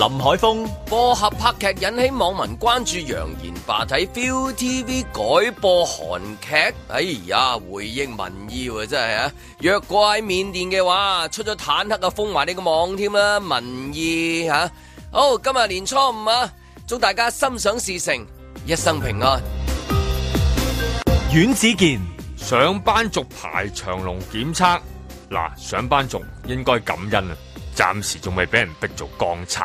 林海峰播合拍劇引起網民關注揚，揚言罷睇。ViuTV 改播韓劇，哎呀，回應民意真係啊！若果喺緬甸嘅話，出咗坦克啊封埋呢個網添啦，民意吓、啊。好、哦，今日年初五啊，祝大家心想事成，一生平安。阮子健，上班族排長龍檢測，嗱，上班族應該感恩啊！暫時仲未俾人逼做光測。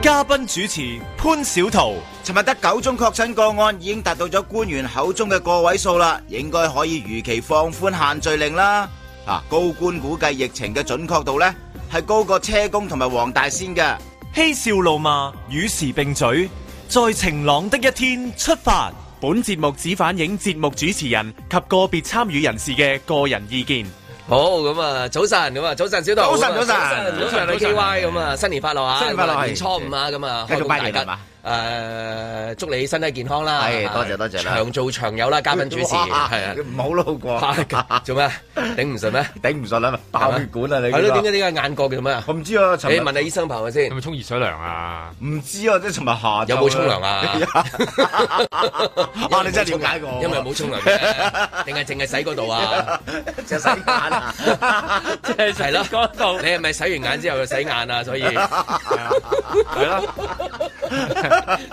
嘉賓主持潘小桃，尋日得九宗確診個案已經達到咗官員口中嘅個位數啦，應該可以如期放寬限聚令啦。啊，高官估計疫情嘅準確度呢，係高過車公同埋黃大仙嘅。嬉笑怒罵，與時並嘴，在晴朗的一天出發。本節目只反映節目主持人及個別參與人士嘅個人意見。好，咁啊，早晨。咁啊，早晨小唐，早晨。早晨早晨，你 K Y 咁啊，新年快樂啊，新年快樂，年初五啊，咁啊，繼續拜年，開工大吉。誒，祝你身體健康啦！多謝多謝啦，長做長有啦，嘉賓主持係啊，唔好路過，做咩？頂唔順咩？頂唔順啊？爆血管啊！你係咯？點解點解眼角叫咩啊？我唔知啊！你問下醫生朋友先？有冇沖熱水涼啊？唔知啊！即係尋日下有冇沖涼啊？我你真係了解我，因為冇沖涼，定係淨係洗嗰度啊？淨係洗眼啊？即係洗咯，嗰度你係咪洗完眼之後去洗眼啊？所以係啊，係咯。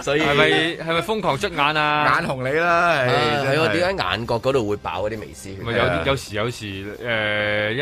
所以係咪係咪瘋狂捽眼啊？眼紅你啦！係我點解眼角嗰度會爆嗰啲微絲血？咪有有時有時誒一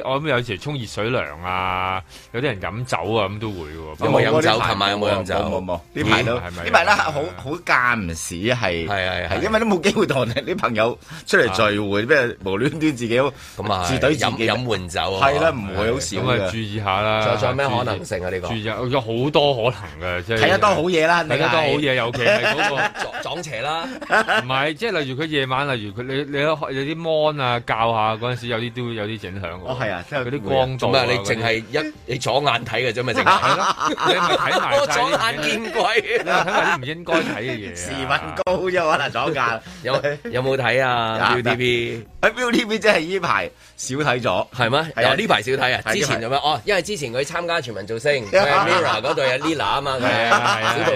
啲，我諗有時沖熱水涼啊，有啲人飲酒啊，咁都會喎。有冇飲酒？琴晚有冇飲酒？呢排都係咪？呢排啦，好好間唔時係係係，因為都冇機會同啲朋友出嚟聚會，咩無端端自己咁啊自隊飲飲換酒。係啦，唔會好少咁啊，注意下啦。仲有咩可能性啊？呢個？注意有好多可能嘅，即係睇得多好嘢。大家都好嘢，尤其係嗰個撞邪啦。唔係，即係例如佢夜晚，例如佢你你有啲 mon 啊教下嗰陣時，有啲都有啲影響。哦，係啊，即係啲光度。唔係你淨係一你左眼睇嘅啫嘛，淨係。你唔睇埋曬。左眼見鬼，睇唔應該睇嘅嘢。時運高啫嘛，左眼。有有冇睇啊？ViuTV？啊，ViuTV 即係呢排少睇咗，係咩？係呢排少睇啊。之前做咩？哦，因為之前佢參加全民造星，係 Mirror 嗰度有 Lila 啊嘛。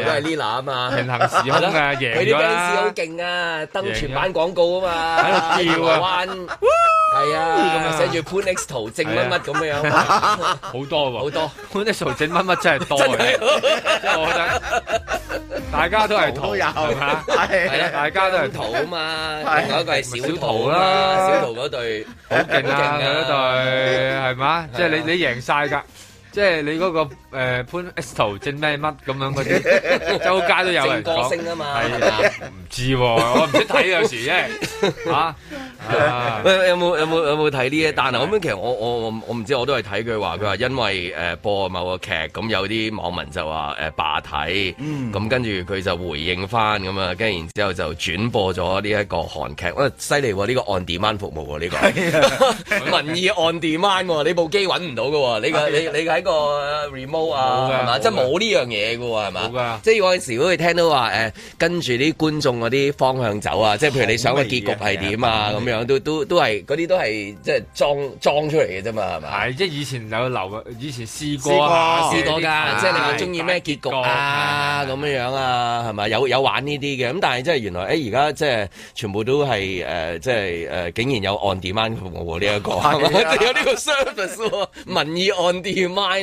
都係 Lina 啊嘛，平行時空啊，贏咗啦！佢啲 fans 好勁啊，登全版廣告啊嘛，喺度叫啊，係啊，咁啊，寫住 Punix 圖正乜乜咁樣，好多喎，好多 Punix 圖正乜乜真係多，真係好，真係好睇。大家都係圖，都有啊，係係啦，大家都係圖啊嘛，另外一個係小圖啦，小圖嗰對好勁嘅嗰對係嘛，即係你你贏曬㗎。即係你嗰、那個誒、呃、潘 X 桃正咩乜咁樣嗰啲，周街都有嚟講。正歌星吧 啊嘛，唔知我唔識睇有時啫。吓、啊，有冇有冇有冇睇呢？但係咁樣，其實我我我唔知，我都係睇佢話佢話因為誒播某個劇，咁有啲網民就話誒罷睇，咁、呃嗯、跟住佢就回應翻咁啊，跟住然之後就轉播咗呢一個韓劇。犀利喎！呢個 On Demand 服務喎，呢個民意 On Demand 你部機搵唔到噶，你、啊、你你喺。你個 remote 啊，係嘛？即係冇呢樣嘢嘅喎，係嘛？即係有陣時，如果聽到話誒，跟住啲觀眾嗰啲方向走啊，即係譬如你想嘅結局係點啊，咁樣都都都係嗰啲都係即係裝裝出嚟嘅啫嘛，係嘛？係即係以前有留，以前試過試過㗎，即係你話中意咩結局啊咁樣樣啊，係咪？有有玩呢啲嘅，咁但係即係原來誒而家即係全部都係誒，即係誒，竟然有 on demand 呢一個，有呢個 service 民意 on demand。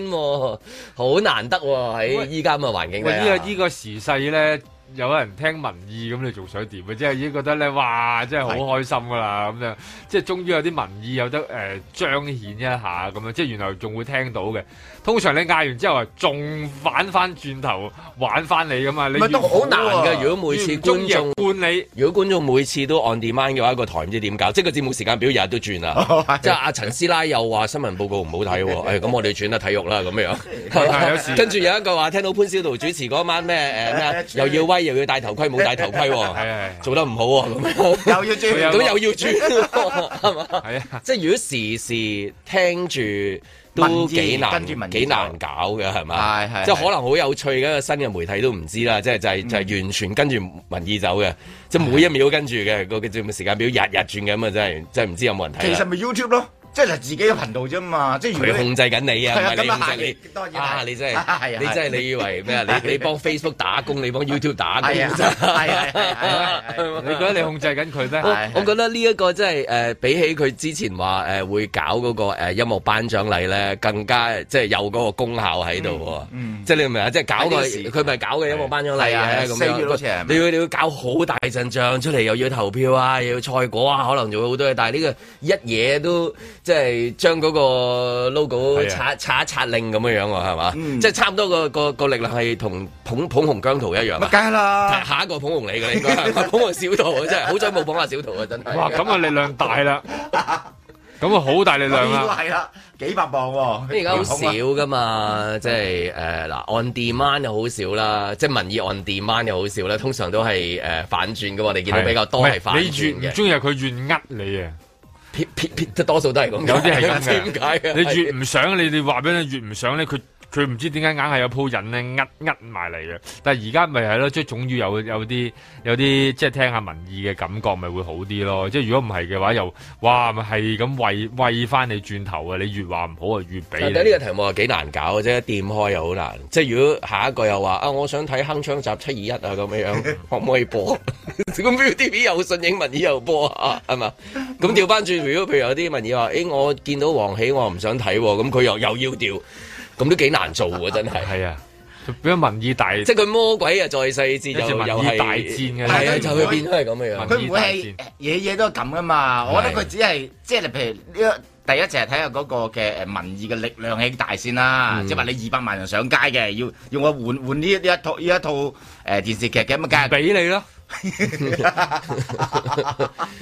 好難得喎，喺依家咁嘅環境，欸。呢、欸欸這個依、這個時勢咧，有人聽民意，咁你仲想點啊？即係已經覺得咧，哇！真係好開心噶啦，咁樣即係終於有啲民意有得誒、呃、彰顯一下，咁樣即係原來仲會聽到嘅。通常你嗌完之後啊，仲反翻轉頭玩翻你噶嘛？你都好難噶。如果每次觀眾判你，如果觀眾每次都 on demand 嘅話，一個台唔知點搞。即係個節目時間表日日都轉啊。 即係阿陳師奶又話新聞報告唔好睇、哦。誒、 哎，咁我哋轉得體育啦咁樣。 跟住有一句話，聽到潘小濤主持嗰晚咩誒咩，又要威又要戴頭盔，冇戴頭盔、哦。係 做得唔好喎、哦。咁 又要轉轉，咁 又要轉，係嘛？係啊。即係如果時時聽住。都幾難幾難搞嘅係咪？是是是即係可能好有趣嘅一個新嘅媒體都唔知啦，即係就係就係完全跟住民意走嘅，嗯、即係每一秒跟住嘅個叫叫咩時間表日日轉嘅咁啊，真係真係唔知有冇人睇，其實咪 YouTube 咯。即係自己嘅頻道啫嘛，即係如果佢控制緊你啊，唔係你控制你啊，你真係你真係你以為咩啊？你你幫 Facebook 打工，你幫 YouTube 打工，你覺得你控制緊佢咩？我覺得呢一個真係誒，比起佢之前話誒會搞嗰個音樂頒獎禮咧，更加即係有嗰個功效喺度喎。即係你明啊？即係搞個佢咪搞嘅音樂頒獎禮啊。咁你要你要搞好大陣仗出嚟，又要投票啊，又要賽果啊，可能仲會好多嘢。但係呢個一嘢都～即係將嗰個 logo 擦是、啊、擦一擦，令咁樣樣、啊、喎，係嘛？嗯、即係差唔多個個個力量係同捧捧紅姜濤一樣、啊。梗係然啦？下一個捧紅你嘅， 捧紅小桃真係，好彩冇捧下小桃啊，真係。 哇！咁啊力量大啦，咁啊好大力量啊，係啦， 幾百磅喎、啊。而家好少噶嘛，即係誒嗱，on demand 又好少啦，即係民意 on demand 又好少啦。通常都係誒、呃、反轉嘅喎，你見到比較多係反轉嘅。你怨中意係佢怨厄你啊？撇撇撇，得多數都係咁、嗯、 有啲係咁嘅。點解嘅？你越唔想，你你話俾你，越唔想咧，佢。佢唔知點解硬係有鋪癮咧，呃呃埋嚟嘅。但係而家咪係咯，即係總之有有啲有啲，即係聽下民意嘅感覺，咪會好啲咯。即係如果唔係嘅話又，又哇，咪係咁喂喂翻你轉頭啊！你越話唔好啊，越俾。但呢個題目係幾難搞嘅啫，掂開又好難。即係如果下一個又話啊，我想睇《鏗鏘集七二一》啊，咁樣可唔可以播？咁 U T V 又信英文，而又播啊，係嘛？咁調翻轉，如果譬如有啲民意話：誒、欸，我見到黃喜，我唔想睇，咁佢又又要調。咁都幾難做喎，真係。係啊，變咗民意大，即係佢魔鬼啊！再細緻有又民意大戰嘅係啊，啊因為 就佢變咗係咁嘅樣。佢唔會係嘢嘢都係咁噶嘛？是我覺得佢只係即係譬如呢個第一就係睇下嗰個嘅誒民意嘅力量係幾大先啦。即係話你二百萬人上街嘅，要要我換換呢一套呢一套誒電視劇嘅，咁啊梗係俾你咯。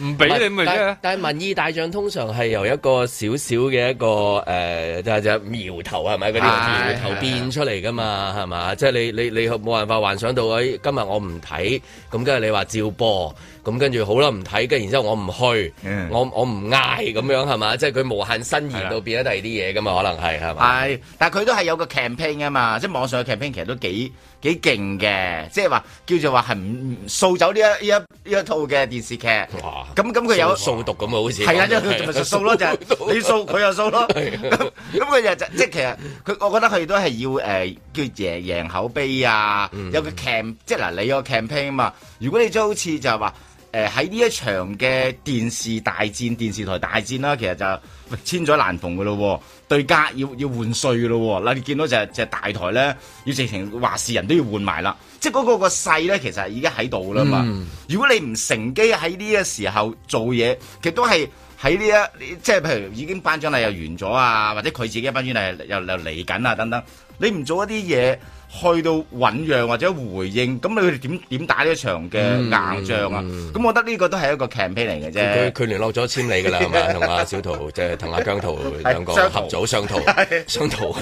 唔 俾 你咪 但係民意大將通常係由一個少少嘅一個誒，即係只苗頭係咪？嗰啲苗頭變出嚟噶嘛，係嘛？即係你你你冇辦法幻想到，誒今日我唔睇，咁跟住你話照播，咁跟住好啦，唔睇，跟然之後我唔去，uh huh. 我我唔嗌，嗯，咁樣係嘛？即係佢無限伸延到變咗第二啲嘢噶嘛？對 可能係係嘛？係，但係佢都係有個 campaign 啊嘛，即係網上嘅 campaign 其實都幾幾勁嘅，即係話叫做話係唔走呢一呢一呢一套嘅電視劇，咁咁佢有掃嘩毒咁啊，好似係啊，即佢就咪掃咯，就係你掃佢又掃咯，咁咁佢就即係其實佢，我覺得佢都係要誒叫贏贏口碑啊，有個 camp 即係嗱你有個 campaign 啊嘛，如果你將好似就係話誒喺呢一場嘅電視大戰、電視台大戰啦，其實就千載難逢嘅咯，對家要要換帥嘅咯，嗱你見到就係就係大台咧要直情話事人都要換埋啦。即係嗰個個勢咧，其實已經喺度啦嘛。如果你唔乘機喺呢個時候做嘢，其實都係喺呢一，即係譬如已經頒獎禮又完咗啊，或者佢自己嘅頒獎禮又又嚟緊啊，等等，你唔做一啲嘢。去到醞釀或者回應，咁你哋點點打呢場嘅硬仗啊？咁我覺得呢個都係一個 campaign 嚟嘅啫。佢佢聯絡咗千里㗎啦，係嘛？同阿小桃，即係同阿姜濤兩個合組商圖商圖，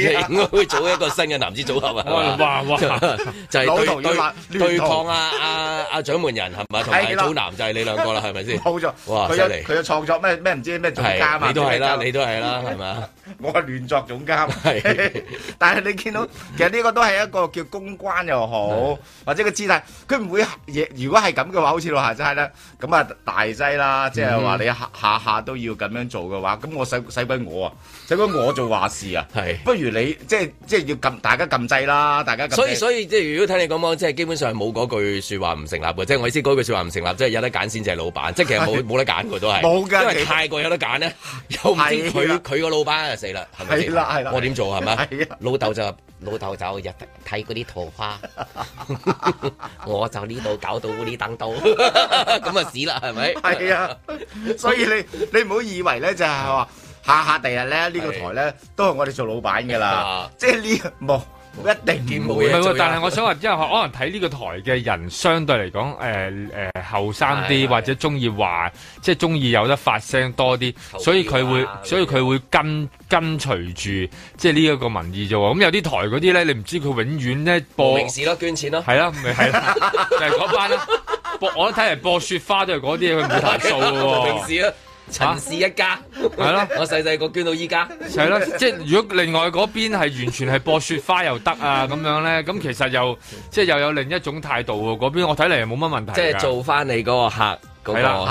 應該會組一個新嘅男子組合啊！哇就係對對抗啊，阿阿掌門人係咪？同埋組男就係你兩個啦，係咪先？冇錯。佢有嘅創作咩咩唔知咩總監你都係啦，你都係啦，係嘛？我係亂作總監係，但係你見到其實呢個。都係一個叫公關又好，或者個姿態，佢唔會。如果係咁嘅話，好似老下真係咧，咁啊大劑啦，即係話你下下都要咁樣做嘅話，咁我使使鬼我啊，使鬼我做話事啊。係，不如你即係即係要大家禁制啦，大家。所以所以即係如果睇你講講，即係基本上冇嗰句說話唔成立嘅，即係我意思，嗰句說話唔成立，即係有得揀先，就係老闆，即係其實冇冇得揀嘅都係，因為太過有得揀呢，又唔知佢佢個老闆係死啦，係咪先？我點做係嘛？老豆就。老豆就日睇嗰啲桃花， 我就呢度搞到烏哩等到，咁啊死啦，係咪？係啊，所以你你唔好以為咧就係、是、話下一下第日咧呢、呢個台咧是都係我哋做老闆噶啦，即係呢冇。一定冇嘢唔係喎，但係我想話，因為可能睇呢個台嘅人，相對嚟講，誒誒後生啲，呃、的或者中意話，即係中意有得發聲多啲，啊、所以佢會，所以佢會跟的跟隨住即係呢一個民意啫喎。咁、嗯、有啲台嗰啲咧，你唔知佢永遠咧播平時咯，捐錢咯，係咯，咪係咯， 就係嗰班咯。播 我都睇嚟播雪花都，都係嗰啲佢唔會睇數咯喎。陳氏一家，係咯、啊，我細細個捐到依家，係咯，即係如果另外嗰邊係完全係播雪花又得啊，咁樣咧，咁其實又即係又有另一種態度喎。嗰邊我睇嚟係冇乜問題。即係做翻你嗰個客。係啦，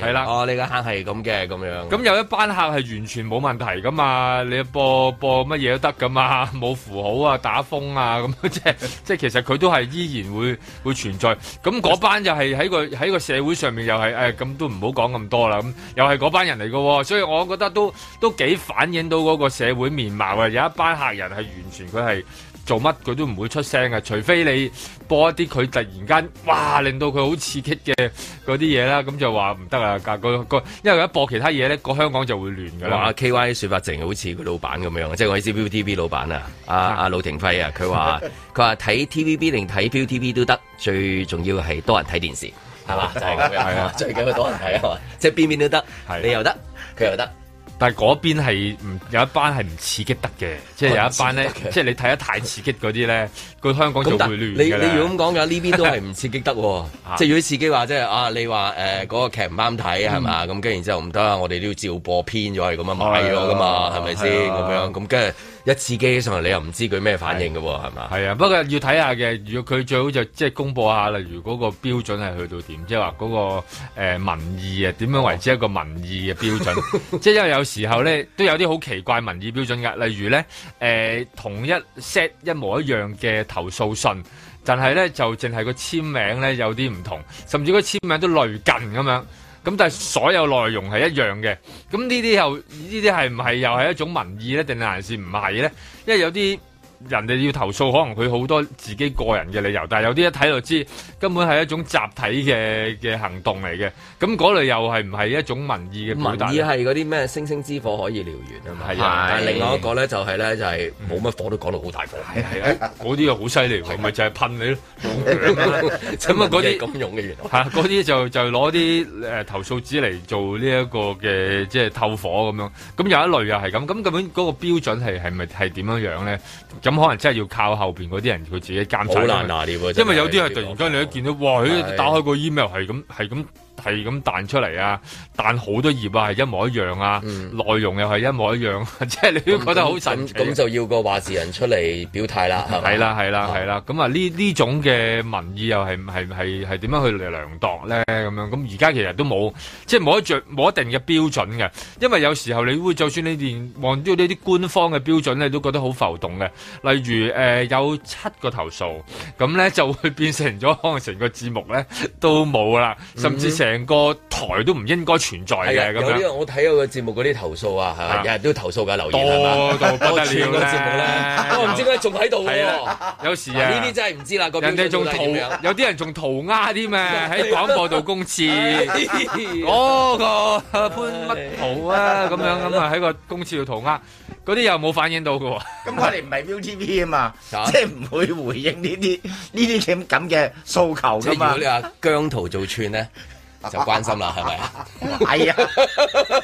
係啦，哦，呢個客係咁嘅，咁樣。咁有一班客係完全冇問題噶嘛，你播播乜嘢都得噶嘛，冇符號啊，打風啊，咁即係 即係，其實佢都係依然會會存在。咁嗰班就係喺個喺個社會上面，哎、又係誒，咁都唔好講咁多啦。咁又係嗰班人嚟噶，哦，所以我覺得都都幾反映到嗰個社會面貌啊。有一班客人係完全佢係。做乜佢都唔會出聲呀，除非你播一啲佢突然間哇令到佢好刺激嘅嗰啲嘢啦，咁就話唔得啊！個個因為一播其他嘢咧，個香港就會亂嘅。話 K Y 說法淨係好似佢老闆咁樣，即係我 Viu TV 老闆啊，阿阿魯庭暉啊，佢話佢話睇 T V B 定睇 Viu TV 都得，最重要係多人睇電視，係嘛？就係咁樣，最緊要多人睇啊，即係邊邊都得，你又得佢又得。但係嗰邊係唔有一班係唔刺激得嘅，即係有一班咧，哦、即係你睇得太刺激嗰啲咧，佢 香港就會亂，你你要咁講嘅呢邊都係唔刺激得喎， 即係如果刺激話，即係啊，你話誒嗰個劇唔啱睇係嘛？咁跟然之後唔得，我哋都要照播片咗係咁樣買咗㗎嘛？係咪先咁樣？咁、嗯、跟。一次機嘅時候，你又唔知佢咩反應嘅喎，係嘛是？係吧啊，不過要睇下嘅。如果佢最好就即係公佈下，例如嗰個標準係去到點，即係話嗰個、呃、民意啊，點樣為之一個民意嘅標準？即係因為有時候咧，都有啲好奇怪民意標準嘅。例如咧，誒、呃、同一 set 一模一樣嘅投訴信，但係咧就淨係個簽名咧有啲唔同，甚至個簽名都類近咁樣。咁但係所有內容係一樣嘅，咁呢啲又，呢啲係唔係又係一種民意咧？定係還是唔係咧？因為有啲。人哋要投訴，可能佢好多自己個人嘅理由，但係有啲一睇就知，根本係一種集體嘅嘅行動嚟嘅。咁嗰類又係唔係一種民意嘅？民意係嗰啲咩星星之火可以燎原啊嘛。係啊，但另外一個咧就係、是、咧就係冇乜火都講到好大火，係係嗰啲又好犀利，咪的就係噴你咯。咁嗰啲咁用嘅人嚇，嗰啲就就攞啲誒投訴紙嚟做呢、這、一個嘅即係透火咁樣。咁有一類又係咁，咁根本嗰個標準係係咪係點樣樣咧？咁咁、嗯、可能真係要靠後邊嗰啲人，佢自己監守。好難拿捏，拿捏因為有啲係突然間，你一見到，哇！佢打開個 email 係咁的，係咁。係咁彈出嚟啊，彈好、嗯、多頁啊，係一模一樣啊，內容又係一模一樣，即係 你都覺得好神奇。咁就要個話事人出嚟表態啦，係啦 係啦，係啦。咁啊，呢、嗯、呢種嘅民意又係係係係點樣去嚟量度咧？咁樣咁而家其實都冇，即係冇一着冇一定嘅標準嘅，因為有時候你會就算你連望到呢啲官方嘅標準咧，都覺得好浮動嘅。例如誒、呃、有七個投訴咁咧就會變成咗可能成個節目咧都冇啦，甚至。 成個台都唔應該存在嘅咁樣，我睇有個節目嗰啲投訴啊，日日都投訴噶，留言多到不得了咧。我唔知點解仲喺度嘅。有時啊，呢啲真係唔知啦。人哋仲塗，有啲人仲塗鴉添啊，喺廣播道公廁。嗰個潘乜圖啊，咁樣咁啊，喺個公廁度塗鴉，嗰啲又冇反映到嘅。咁佢哋唔係 V T V 啊嘛，即係唔會回應呢啲呢啲咁咁嘅訴求噶嘛。即係如果你話姜濤做串咧？就關心啦，係咪啊？係啊，即、啊、係、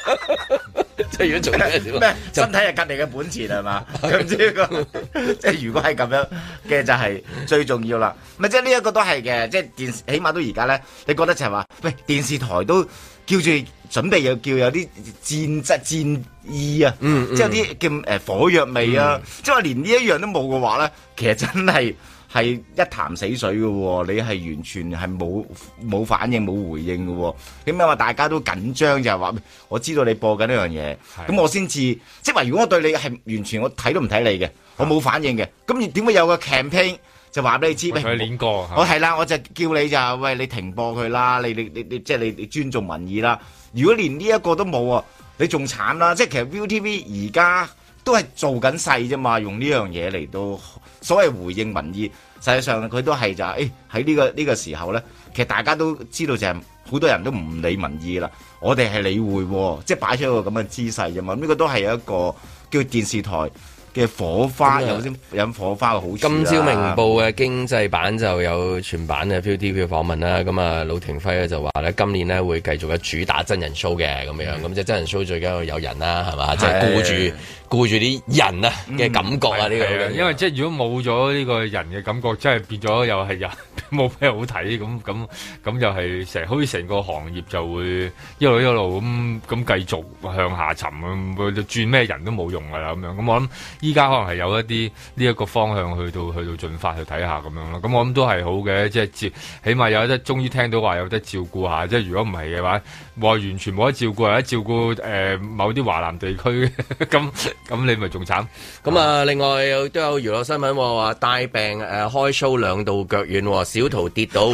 啊啊啊、 如果做得咩 身體係隔離嘅本錢係嘛？咁呢、 那個，即 係如果係咁樣嘅就係、是、最重要啦。咪即係呢一個都係嘅，即、就、係、是、電視，起碼都而家咧，你覺得就係、是、話，喂電視台都叫住準備，又叫有啲戰質戰意啊，嗯嗯、即係有啲叫誒火藥味啊。嗯、即係話連呢一樣都冇嘅話咧，其實真係。係一潭死水嘅喎、哦，你係完全係冇冇反應冇回應嘅喎、哦。點解話大家都緊張就係話？我知道你播緊呢樣嘢，咁的我先至即係話。如果我對你係完全我睇都唔睇你嘅，的我冇反應嘅，咁點會有個 campaign 就話俾你知？佢練過我係啦，我就叫你就喂你停播佢啦，你你你你即係你你尊重民意啦。如果連呢一個都冇啊，你仲慘啦。即係其實 ViuTV 而家都係做緊細啫嘛，用呢樣嘢嚟到。所謂回應民意，實際上佢都係就係、是，誒喺呢個呢、這個時候咧，其實大家都知道就係好多人都唔理民意啦，我哋係理會，即係擺出一個咁嘅姿勢啫嘛，呢、這個都係有一個叫電視台。嘅火花、嗯、有先有火花好，今朝明報嘅經濟版就有全版嘅 ViuTV 訪問啦。咁、嗯、啊，魯庭輝咧就話咧，今年咧會繼續嘅主打真人 show 嘅咁樣，咁即係真人 show 最緊要有人啦，係嘛？即係顧住顧住啲人啊嘅感覺啊呢、呢個，是因為即係如果冇咗呢個人嘅感覺，真係變咗又係人冇咩好睇，咁咁咁又係成好似成個行業就會一路一路咁咁繼續向下沉，轉咩人都冇用噶啦咁樣。咁我諗。依家可能係有一啲呢一個方向去到去到進發去睇下咁樣咯，咁我諗都係好嘅，即係照，起碼有得，終於聽到話有得照顧下，即係如果唔係嘅話。話完全冇得照顧，或者照顧誒某啲華南地區，咁咁你咪仲慘。咁啊，另外都有娛樂新聞話，帶病誒開 show 兩度腳軟，小桃跌倒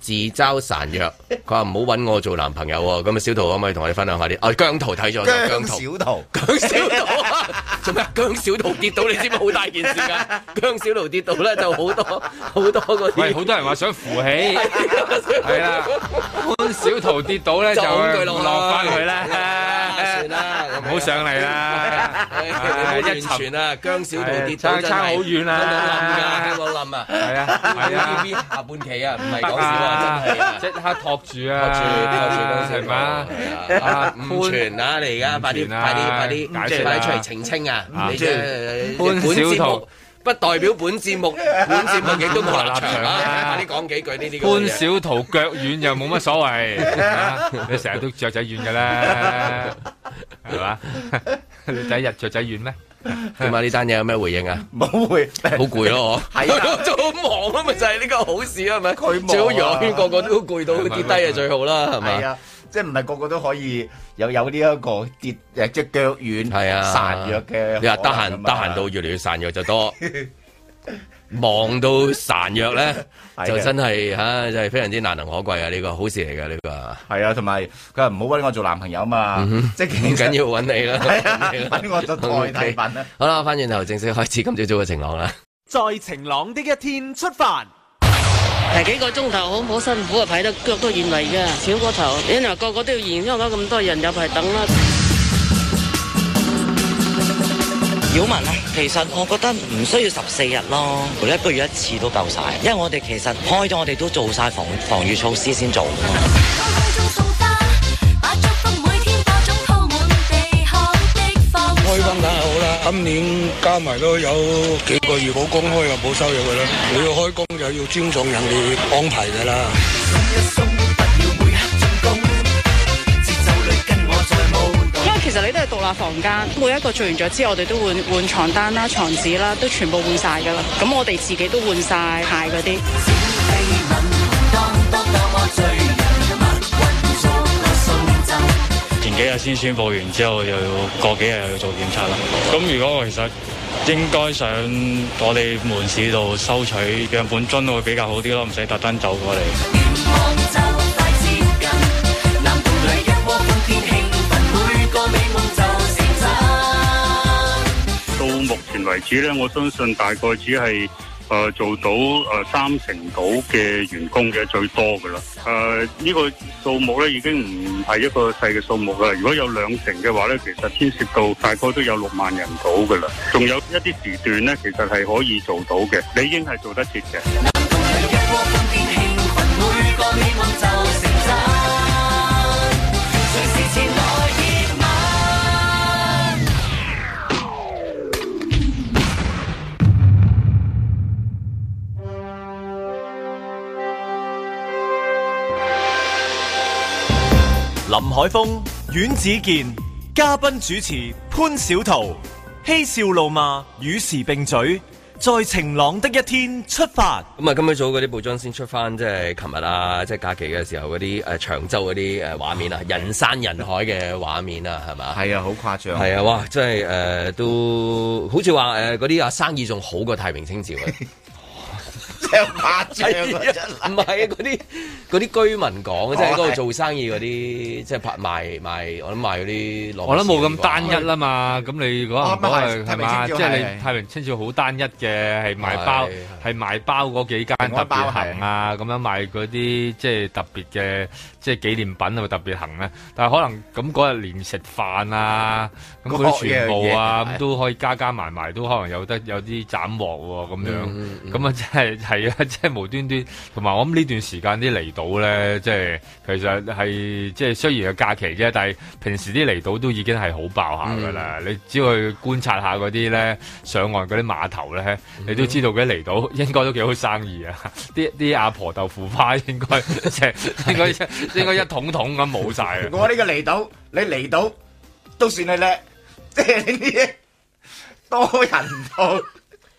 自嘲孱弱。佢話唔好搵我做男朋友。咁啊，小桃可唔可以同我哋分享下啲？哦，姜濤睇咗。姜小桃。姜小桃，做咩？姜小桃跌倒你知唔知好大件事噶。姜小桃跌倒咧就好多好多嗰啲。喂，好多人話想扶起。係啊，小桃跌倒咧就。好句落翻佢啦，算啦，唔好上嚟啦，完全啊，姜小濤跌真係差好遠啊，冧啊，有冇冧啊？係啊，係啊，下半期啊，唔係講笑啊，真係啊，即刻托住啊，托住，托住公司係嗎？唔全啊，你而家快啲，快啲，快啲，即係快啲出嚟澄清啊！你即係潘小濤。不代表本節目，本節目幾多個立場啊？快啲講幾句。呢啲潘小圖腳軟又冇乜所謂，你成日都雀仔軟嘅啦，係嘛？你第一日雀仔軟咩？點啊？呢單嘢有咩回應啊？冇回，好攰咯，係啊，仲好忙啊嘛，就係呢個好事啊嘛，佢忙最好，娛樂圈個個都攰到跌低啊，最好啦，係咪？即係唔係個個都可以有有呢一個跌誒，即腳軟孱弱嘅。你話得閒得閒到越嚟越孱弱就多，忙 到孱弱咧就真係吓、啊，就係、是、非常之難能可貴啊！呢、這個好事嚟噶呢個。係啊，同埋佢話唔好搵我做男朋友嘛，嗯、哼即係唔緊要搵你啦。搵、啊、我就太難搵啦。Okay. 好啦，翻轉頭正式開始今朝早嘅晴朗啦。在晴朗啲一,一天出發。排幾個鐘頭好唔好辛苦啊？排得腳都軟埋嘅，小過頭，因為個個都要驗，因為咁多人入去等啦。擾民啊，其實我覺得唔需要十四日咯，每一個月一次都夠晒。因為我哋其實開咗，我哋都做晒防防禦措施先做。今年加埋都有幾個月冇工開又冇收入嘅啦，你要開工就要尊重人哋安排嘅啦。因為其實你都係獨立房間，每一個做完咗之後，我哋都換換床單啦、床紙啦，都全部換晒㗎啦。咁我哋自己都換晒，鞋嗰啲。當幾日先宣佈完之後，又要過幾日又要做檢測啦。咁如果我其實應該上我哋門市度收取樣本樽會比較好啲咯，唔使特登走過嚟。到目前為止咧，我相信大概只係。誒、呃、做到誒、呃、三成到嘅員工嘅最多㗎喇，誒、呃這個、呢個數目咧，已經唔係一個細嘅數目㗎啦。如果有兩成嘅話咧，其實牽涉到大概都有六萬人到㗎喇。仲有一啲時段咧，其實係可以做到嘅，你已經係做得切嘅。林海峰、阮子健、嘉賓主持潘小桃，嬉笑怒罵，與時並舉，在晴朗的一天出發。咁啊，今日早嗰啲報章先出翻，即係琴日啊，即係假期嘅時候嗰啲誒，長洲嗰啲誒畫面啊，人山人海嘅畫面 吧啊，係咪？係啊，好誇張。係啊，哇，真係誒、呃，都好似話誒，嗰啲啊生意仲好過太平清醮咧。 即係拍張，唔係啊！嗰啲嗰啲居民講，即係嗰度做生意嗰啲，即係拍賣賣，我諗賣嗰啲。我諗冇咁單一啦嘛。咁你嗰日嗰日啊，即係你太平清醮好單一嘅，係賣包，係賣包嗰幾間特別行啊。咁樣賣嗰啲即係特別嘅，即係紀念品會特別行咧。但係可能咁嗰日連食飯啊，咁樣全部啊，咁都可以加加埋埋，都可能有得有啲斬獲喎。咁樣咁啊，真係～係啊，即係無端端，同埋我諗呢段時間啲離島咧，即係其實係即係雖然係假期啫，但係平時啲離島都已經係好爆下噶啦。嗯、你只要去觀察下嗰啲咧上岸嗰啲碼頭咧，你都知道嗰啲離島應該都幾好生意啊。啲啲、嗯嗯、 阿婆豆腐花應該 應該一 應該一,一桶桶咁冇晒啦。我呢個離島，你離島都算係叻，即係呢啲多人到都。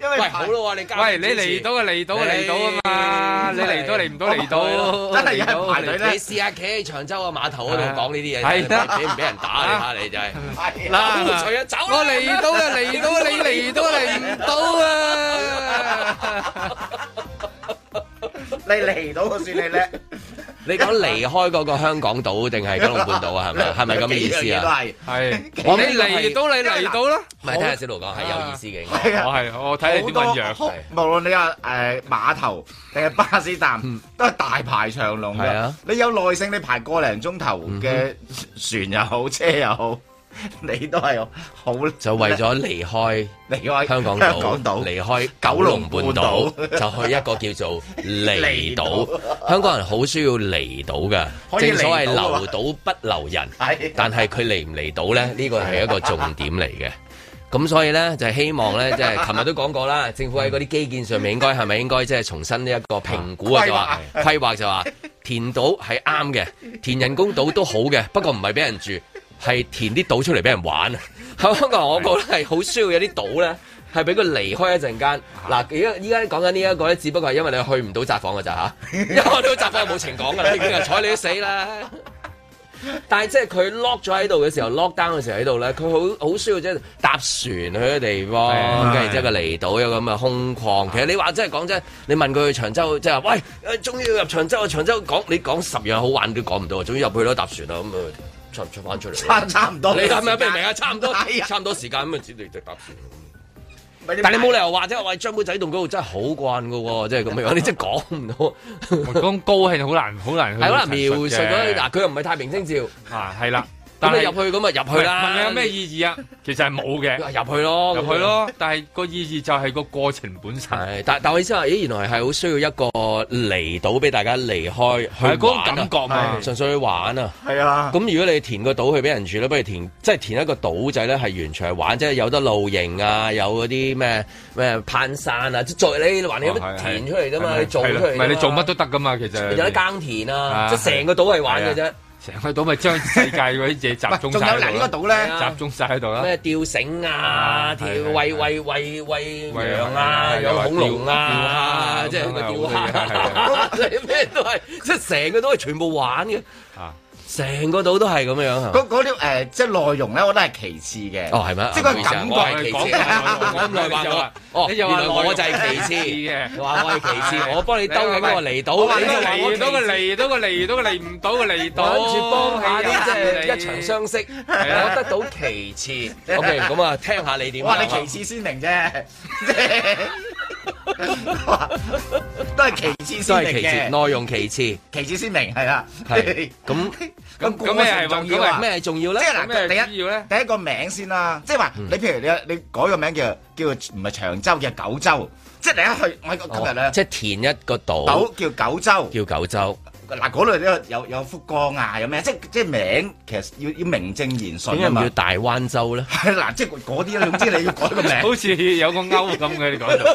喂，好咯你喂，你嚟到就嚟到嚟到啊嘛，你嚟到嚟唔到嚟到，真係有排。你試下企喺長洲個碼頭嗰度講呢啲嘢，係啦，你唔俾人打你下，你就係。嗱，除走。我嚟到就嚟到，你嚟到嚟唔到啊！你嚟到我算你叻。你講離開嗰個香港島定係九龍半島啊？係咪係咪咁嘅意思啊？係係。你嚟到你嚟到啦。唔係聽下小盧講係有意思嘅。我係我睇你點樣。無論你話誒碼頭定係巴士站，都係大排長龍㗎。你有耐性，你排個零鐘頭嘅船又好，車又好。你都係好就為咗離開離開香港島，離開九龍半島，就去一個叫做離島。香港人好需要離島噶，正所謂留島不留人。係，但係佢離唔離島呢？呢個係一個重點嚟嘅。咁所以呢，就係希望呢，即係琴日都講過啦。政府喺嗰啲基建上面，應該係咪應該即係重新呢一個評估啊？就話規劃就話填島係啱嘅，填人工島都好嘅，不過唔係俾人住，係填啲島出嚟俾人玩啊！ 香港人我覺得係好需要有啲島咧，係俾佢離開一陣間。嗱、啊，而家依家講緊呢一個咧，只不過係因為你去唔 到札幌嘅咋吓，因為我哋到札幌冇情講嘅，已經係踩你都死啦！ 但係即係佢 lock 咗喺度嘅時候，lock down 嘅時候喺度咧，佢好好需要即係搭船去啲地方，跟住之後佢離島有咁嘅空曠。其實你話即係講真，你問佢去長洲，即係，喂，誒終於要入長洲，長洲講你講十樣好玩都講唔到，終於入去咯，搭船啊咁出翻出嚟，差差唔多。你係咪明啊？差唔多，差唔多時間咁啊，先嚟、哎、呀 答。但你冇理由話啫，我話張妹仔棟嗰度真係好慣嘅喎，即係咁樣，你真講唔到。講 高興好難，好難去。好難 描述嗱，佢又唔係太平清醮。啊，係啦。 啊但你入去咁啊，入去啦！問你有咩意義啊？其實係冇嘅，入去咯，入去咯。但係個意義就係個過程本身。但但係，我意思話，咦，原來係好需要一個離島俾大家離開去玩啊！嗰種感覺嘛，純粹去玩啊！係啊！咁如果你填個島去俾人住，不如填，即係填一個島仔咧，係完全係玩，即係有得露營啊，有嗰啲咩咩攀山啊，即係作為你還有一填出嚟啫嘛，你做出嚟。唔係你做乜都得噶嘛，其實有得耕田啊，即成個島係玩嘅啫。成個島咪將世界嗰啲嘢集中曬，嗱呢個島咧，集中晒喺度啦。咩吊繩啊，吊喂喂喂喂羊啊，養恐龍啊，即係吊下，係咩都係，即係成個都係全部玩嘅。成個島都係咁樣，嗰嗰啲誒，即係內容咧，我覺得係其次嘅。哦，係咩？即係個感覺係其次。咁嚟話我，哦，原來我就係其次嘅。話我係其次，我幫你兜緊個離島。我話嚟到個嚟到個嚟到個嚟唔到個離島。幫下啲即係一場相識，我得到其次。OK，咁啊，聽下你點。話，你其次先明啫。都係其次先嚟嘅，內容其次，其次先明係啦。係咁咁咩重要？咩重要咧？即係嗱，第一，第一個名先啦。即係話你譬如你你改個名叫叫唔係長洲，叫九州。即係第一去我今日咧，即係填一個島島叫九州，叫九州。嗱，嗰類咧有有福光啊，有咩即即名其實要要名正言順，點解要大灣洲咧？係嗱，即嗰啲總之你要改個名，好似有個歐咁嘅，你講到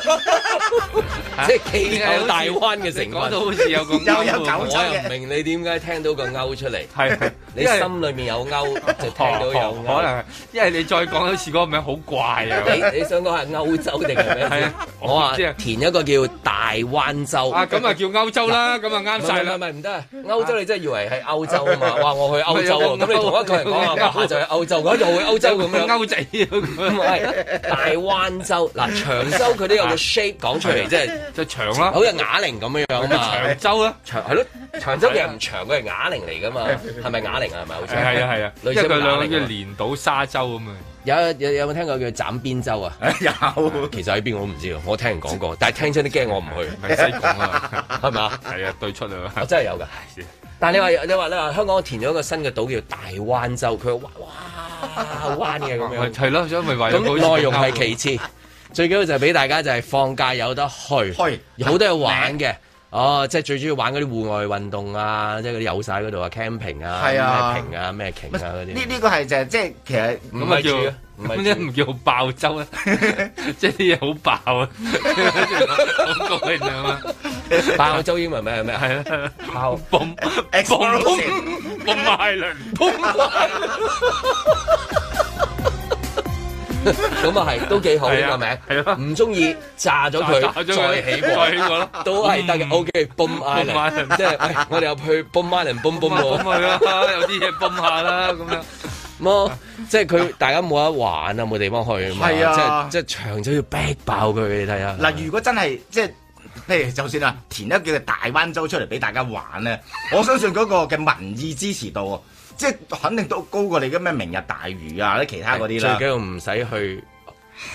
即係大灣嘅成分講到好似有個歐，我又唔明你點解聽到個歐出嚟？係你心裏面有歐就聽到有歐，可能因為你再講好似嗰個名好怪啊！你你想講係歐洲定係咩？我話即係填一個叫大灣洲啊，咁啊叫歐洲啦，咁啊啱晒啦，咪～歐洲你真係以為係歐洲啊嘛？話我去歐洲，咁你同一個人講話下就係歐洲，咁就去歐洲咁樣歐仔咁樣，大灣洲，嗱長洲佢都有個 shape 講出嚟，即係即係長啦，好似啞鈴咁樣樣嘛。長洲，咧，長係咯，長洲其實唔長，佢係啞鈴嚟㗎嘛？係咪啞鈴啊？係咪好似係啊係啊？類似佢兩個好似連島沙洲咁啊。有有有冇聽過叫斬邊洲？ 有啊？有，其實喺邊我唔知，我聽人講過，但係聽親啲驚我唔去。係 西貢啊，係嘛吧？係啊，對出啊我真係有㗎，但係你話你話你話香港填咗個新嘅島叫大灣洲，佢哇哇好彎嘅咁樣。係咯， 所以咪話咁內容係其次， 最緊要就係俾大家就係放假有得去，好 多嘢玩嘅。哦，即係最主要玩嗰啲戶外運動啊，即係嗰啲有晒嗰度啊，camping 啊，咩平啊，咩 King 啊嗰啲。呢呢個係就係即係其實唔係叫，唔係唔叫爆洲啊，即係啲嘢好爆啊！講明啊，爆洲英文名係咩係啊？爆 boom explosion boomiling。咁啊，係都幾好嘅名，唔中意炸咗佢，再起過，都係得嘅。O K，泵下即係我哋入去泵下人，泵泵喎，有啲嘢泵下啦咁樣。咁即係佢大家冇得玩啊，冇地方去啊嘛。係啊，即係長洲要逼爆佢，你睇下。嗱，如果真係即係譬如，就算啊，填一叫做大灣洲出嚟俾大家玩咧，我相信嗰個嘅民意支持度。即係肯定都高過你嘅咩明日大嶼啊，或者其他嗰啲啦，最緊要唔使去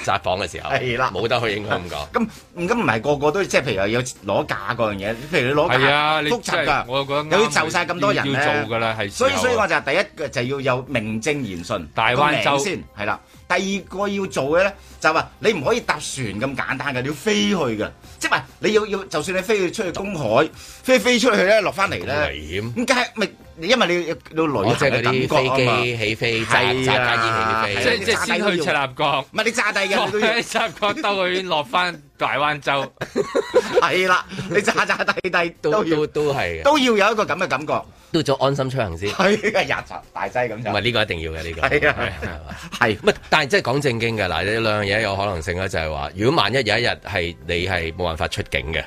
砸房嘅時候，係啦 的，冇得去影響咁講。咁唔咁唔係個個都即係譬如話要攞假嗰樣嘢，譬如你攞價，係啊的，複你真係，我又覺得啱。又要就晒咁多人要做㗎啦，係。所以所以我就第一就要有名正言順，大灣洲先係啦。第二個要做嘅咧，就話、是、你唔可以搭船咁簡單嘅，你要飛去嘅，即係你要要，就算你飛去出去公海，飛、嗯、飛出去咧，落翻嚟咧，危險。咁梗係咪？因為你，你要旅行感覺。即係嗰啲飛機起飛，炸炸機起飛，即係即係先去赤鱲角，唔係你炸低嘅。赤鱲角當佢落翻大灣洲，係啦，你炸你炸低低都要都係都要有一個咁嘅感覺。都做安心出行先，係日曬大劑咁。唔係呢個一定要嘅呢個，係啊係，但係即係講正經嘅嗱，呢兩樣嘢有可能性咧，就係話，如果萬一有一日係你係冇辦法出境嘅，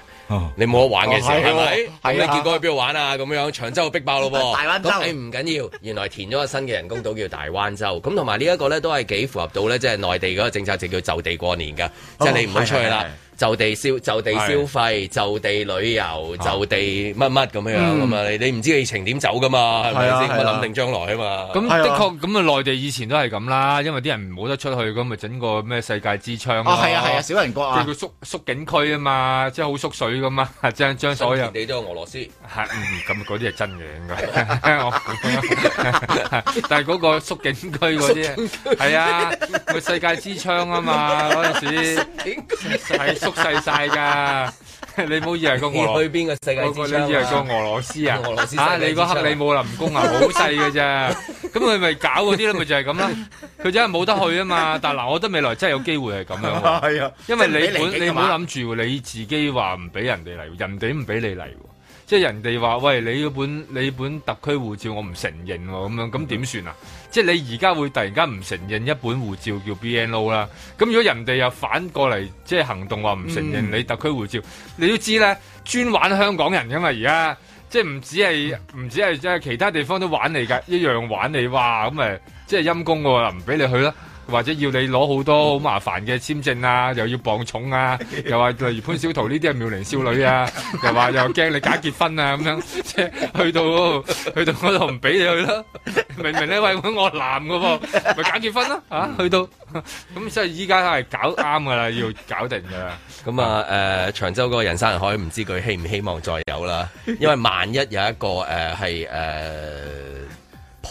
你冇得玩嘅時候，係咪？係啊，你結果去邊度玩啊？咁樣樣，長洲逼爆咯，大灣洲，你唔緊要，原來填咗個新嘅人工島叫大灣洲，咁同埋呢一個咧都係幾符合到咧，即係內地嗰個政策，就叫就地過年㗎，即係你唔好出去啦。就地消、就地消費、就地旅遊、就地乜乜咁樣咁啊！你唔知疫情點走噶嘛？係咪先咁諗定將來啊嘛！咁的確咁啊！內地以前都係咁啦，因為啲人冇得出去，咁咪整個咩世界之窗啊！啊係啊，小人國，啊！叫縮縮景區啊嘛，即係好縮水噶嘛！將將所有內地都俄羅斯係咁嗰啲係真嘅應該，但係嗰個縮景區嗰啲係啊，世界之窗啊嘛嗰陣時細曬噶 你冇以為個俄羅斯，啊、你唔好以為個俄羅斯啊，吓，你個克里姆林宮啊，好細噶咋，咁佢咪搞嗰啲咯，咪就係咁咯，佢 真係冇得去啊嘛，但嗱，我覺得未來真係有機會係咁樣，係啊，因為你本 你唔好諗住你自己話唔俾人哋嚟，人哋唔俾你嚟，即係人哋話喂，你本你本特區護照我唔承認喎，咁樣咁點算啊？ 即係你而家會突然間唔承認一本護照叫 BNO 啦，咁如果人哋又反過嚟即係行動話唔承認你特區護照，嗯、你都知咧，專玩香港人噶嘛而家，即係唔止係唔止係即係其他地方都玩你㗎，一樣玩你哇，咁咪即係陰公喎，唔俾你去啦。或者要你攞好多好麻煩嘅簽證啊，又要磅重啊，又話例如潘小桃呢啲係妙齡少女啊，又話又驚你假結婚啊咁樣，即係去到去到嗰度唔俾你去咯。明明咧喂，我男嘅噃，咪假結婚咯、啊、嚇、啊。去到咁所以依家係搞啱㗎啦，要搞定㗎啦。咁啊誒，長洲嗰個人山人海，唔知佢希唔希望再有啦。因為萬一有一個誒係誒。呃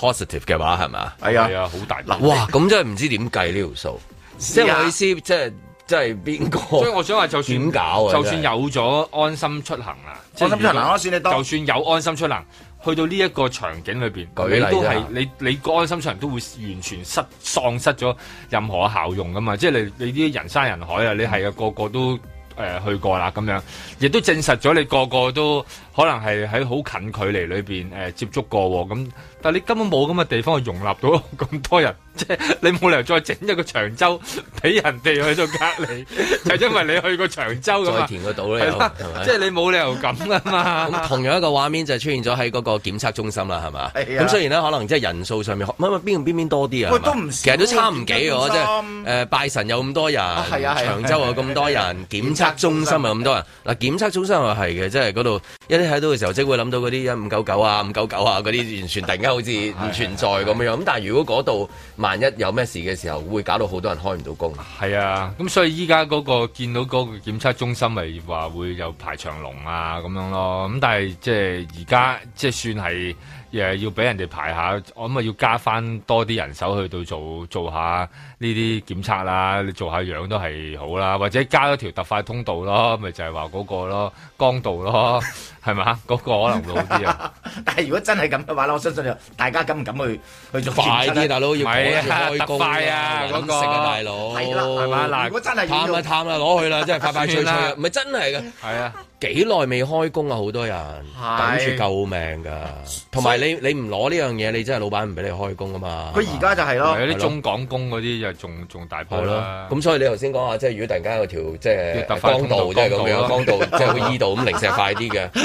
Positive 嘅話係咪？係啊，係啊，好大粒哇！咁真係唔知點計呢條數 即。即係我意思，即係即係邊個？ 所以我想話，就算點搞，啊、就算有咗安心出行啦，安心出行可算你多。就算有安心出行，去到呢一個場景裏邊，你都係你你個安心出行都會完全失喪失咗任何效用噶嘛？即係你你啲人山人海啊，你係啊個個都誒、呃、去過啦咁樣，亦都證實咗你個個都,都可能係喺好近距離裏邊誒接觸過喎咁。嗯但係你根本冇咁嘅地方去容納到咁多人，即係你冇理由再整一個長洲俾人哋去度隔離，就因為你去過長洲再填個島咧，係咪？即係你冇理由咁噶嘛。咁同樣一個畫面就出現咗喺嗰個檢測中心啦，係嘛？咁雖然咧可能即係人數上面，乜乜邊邊邊多啲啊？都唔，其實都差唔幾嘅，即係誒拜神有咁多人，長洲有咁多人，檢測中心又咁多人。嗱檢測中心又係嘅，即係嗰度一啲睇到嘅時候，即係會諗到嗰啲一五九九啊、五九九啊嗰啲完全定好似唔存在咁樣，咁、啊、但係如果嗰度 萬一有咩事嘅時候，會搞到好多人開唔到工。係啊，咁所以依家嗰個見到嗰個檢測中心，咪話會有排長龍啊咁樣咯。咁但係即係而家即係算係。誒要俾人哋排下，我諗啊要加翻多啲人手去到做做下呢啲檢測啦，你做下樣都係好啦，或者加一條特快通道咯，咪就係話嗰個咯，光道咯，係嘛？嗰個可能好啲啊！但係如果真係咁嘅話咧，我相信大家敢唔敢去去做？快啲，大佬要趕住開工啊！嗰個大佬係啦，係嘛？嗱，如果真係要探一探啦，攞去啦，真係快快脆脆，唔係真係嘅。係啊。幾耐未開工啊？好多人等住救命噶，同埋你你唔攞呢樣嘢，你真係老闆唔俾你開工啊嘛！佢而家就係咯，中港工嗰啲就仲仲大波啦。咁所以你頭先講下，即係如果突然間有條即係江道，即係咁嘅江道，即係嗰二道咁零石塊啲嘅，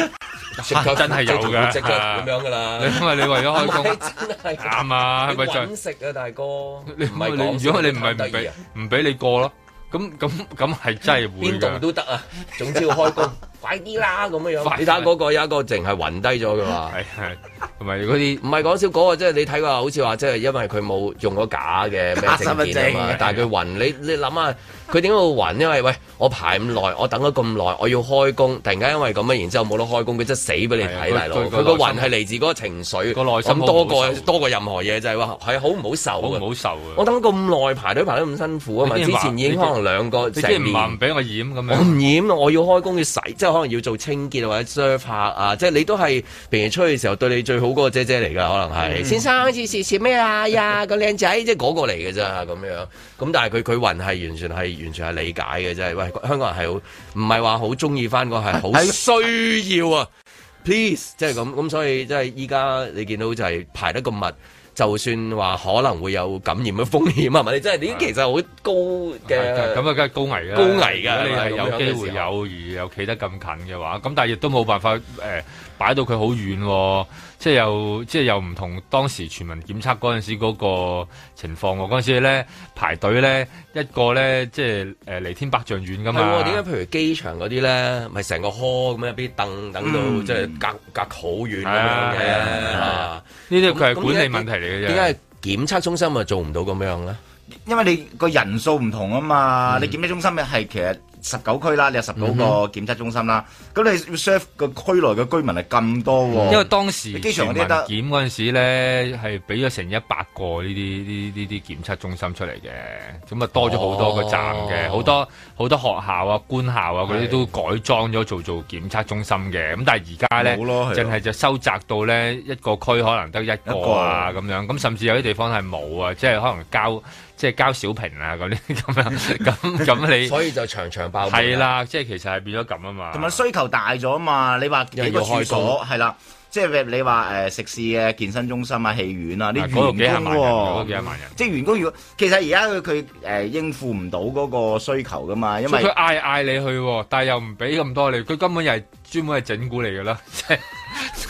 食腳真係有噶，咁樣噶啦。因為你為咗開工，真係啱啊！揾食啊，大哥，唔係如果你唔係唔俾唔俾你過咯，咁咁咁係真係會嘅。邊度都得啊，總之要開工。快啲啦咁嘅樣，你睇嗰個有一個淨係暈低咗嘅嘛，係係，唔係嗰啲唔係講笑，嗰個即係你睇話好似話即係因為佢冇用咗假嘅咩證件，但係佢暈，你你諗下，佢點解會暈？因為喂，我排咁耐，我等咗咁耐，我要開工，突然間因為咁啊，然之後冇得開工，佢即係死俾你睇嚟咯。佢個暈係嚟自嗰個情緒，個內心多過多過任何嘢，就係話係好唔好受啊？唔好受我等咁耐排隊排得咁辛苦啊嘛，之前已經可能兩個成面唔俾我染咁樣，我唔染，我要開工要洗即係。可能要做清潔或者 serve 客啊，即係你都係平日出去嘅時候對你最好嗰個姐姐嚟㗎，可能係、嗯、先生，好似是是咩啊呀，個靚仔 即係嗰個嚟嘅咋咁樣，咁但係佢佢雲係完全係完全係理解嘅啫、就是，喂，香港人係好唔係話好中意翻嗰係好需要啊 ，Please，即係咁，咁所以即係依家你見到就係排得咁密，就算話可能會有感染嘅風險啊，咪你真係你其實好高嘅。咁啊，梗係高危啦，高危㗎，危的你係有機會有，又企得咁近嘅話，咁但係亦都冇辦法誒。呃擺到佢好遠，即係又即係又唔同當時全民檢測嗰陣時嗰個情況。嗰陣時咧排隊咧一個咧即係誒離天百丈遠咁樣。係，點解譬如機場嗰啲咧，咪成個呵咁樣，畀凳等到即係隔、嗯、隔好遠啊！係啊，呢啲佢係管理問題嚟嘅啫。點解檢測中心啊做唔到咁樣咧？因為你個人數唔同啊嘛。嗯、你檢測中心嘅係其實。十九區啦，你有十九個檢測中心啦。咁、嗯、哼你 r e s 個區內嘅居民係咁多喎。因為當時機場嗰啲得檢嗰陣時咧，係俾咗成一百個呢啲呢呢啲檢測中心出嚟嘅。咁啊多咗好多個站嘅，好、哦、多好多學校啊、官校啊嗰啲是都改裝咗做做檢測中心嘅。咁但係而家咧，真係就收窄到咧一個區可能得一個啊咁個樣。咁甚至有啲地方係冇啊，即係可能交。即係交小平啊，嗰啲咁樣，咁咁你， 所以就場場爆滿啊。係啦，即係其實係變咗咁啊嘛。同埋需求大咗啊嘛，你話幾個會所係啦，即係你話誒食肆嘅健身中心啊、戲院啊，啲員工喎，個幾萬人？嗰個幾萬人嗯、即係員工如果其實而家佢佢誒應付唔到嗰個需求噶嘛，因為佢嗌嗌你去，但係又唔俾咁多你，佢根本又係。專門係整蠱嚟嘅啦，即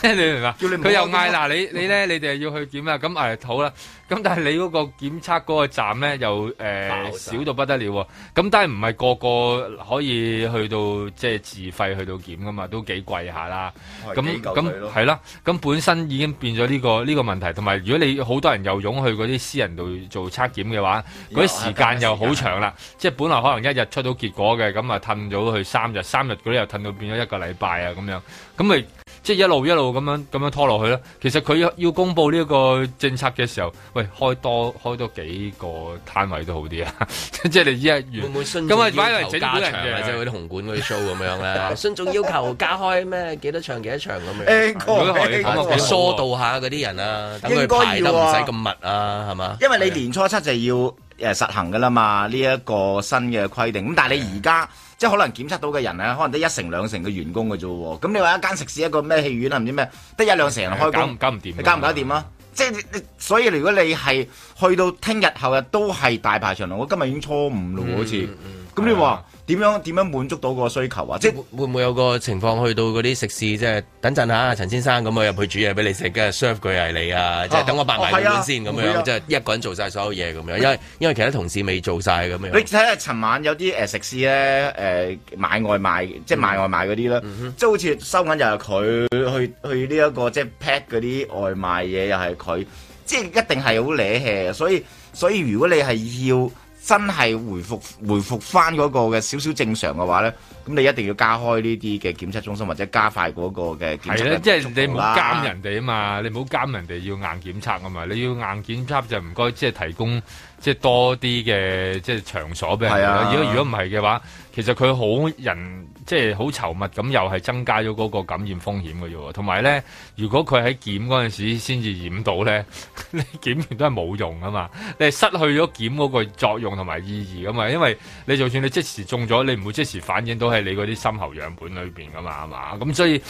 係你明嘛說？佢又嗌嗱，你你咧，你哋要去檢啊？咁誒好啦，咁但係你嗰個檢測嗰個站咧，又誒少到不得了。咁但係唔係個個可以去到即係自費去到檢㗎嘛？都幾貴下啦。咁咁係啦。咁本身已經變咗呢個呢個問題，同埋如果你好多人又湧去嗰啲私人度做測檢嘅話，嗰啲時間又好長啦。即係本來可能一日出到結果嘅，咁啊褪咗去三日，三日嗰啲又褪到變咗一個禮拜。 啊，咁樣，咁咪即係一路一路咁樣咁樣拖落去啦。其實佢要，要公布呢個政策嘅時候，喂，開多開多幾個攤位都好啲啊。 即係你依家，會唔會信眾要求加場啊？整即係嗰啲紅館嗰啲 show 咁 樣咧？信眾要求加開咩？幾多場？幾多場咁 樣？誒， 我我我疏導下嗰啲人啊，等佢排得唔使咁密啊，係嘛？吧因為你年初七就要。 誒實行㗎啦嘛，呢、這、一個新嘅規定，咁但係你而家、嗯、即係可能檢測到嘅人咧，可能得一成兩成嘅員工嘅啫喎，咁、嗯、你話一間食肆一個咩戲院啊，唔知咩，得一兩成人開工，嗯、搞唔搞唔搞掂啊？嗯、即係所以如果你係去到聽日後日都係大排長龍，我今日已經初五啦喎，好似，咁你話。嗯嗯點樣點樣滿足到個需求啊？即係會唔會有個情況去到嗰啲食肆，即係等陣嚇、啊、陳先生咁我入去煮嘢俾你食嘅，serve 佢又係你啊！即係等我擺埋碗先咁、啊啊、樣，啊、即係一個人做晒所有嘢咁樣。因為是因為其他同事未做晒咁樣。你睇下尋晚有啲誒食肆咧誒、呃、買外賣，即係買外賣嗰啲啦，即係好似收銀又係佢去去呢一個即係 pack 嗰啲外賣嘢又係佢，即係一定係好惹氣。所以所以，所以如果你係要。真係回，回復回復翻嗰個嘅少少正常嘅話咧，咁你一定要加開呢啲嘅檢測中心，或者加快嗰個嘅檢測，係啦，即係你唔好監人哋啊嘛，嗯、你唔好監人哋要硬檢測啊嘛，你要硬檢測就唔該，即係提供即係多啲嘅即係場所俾人。的如果如果唔係嘅話，其實佢好人。即係好稠密咁，又係增加咗嗰個感染風險嘅啫喎。同埋咧，如果佢喺檢嗰陣時先至染到咧，你 檢完都係冇用啊嘛。你係失去咗檢嗰個作用同埋意義啊嘛。因為你就算你即時中咗，你唔會即時反映到喺你嗰啲深喉樣本裏邊噶嘛，係嘛？咁所以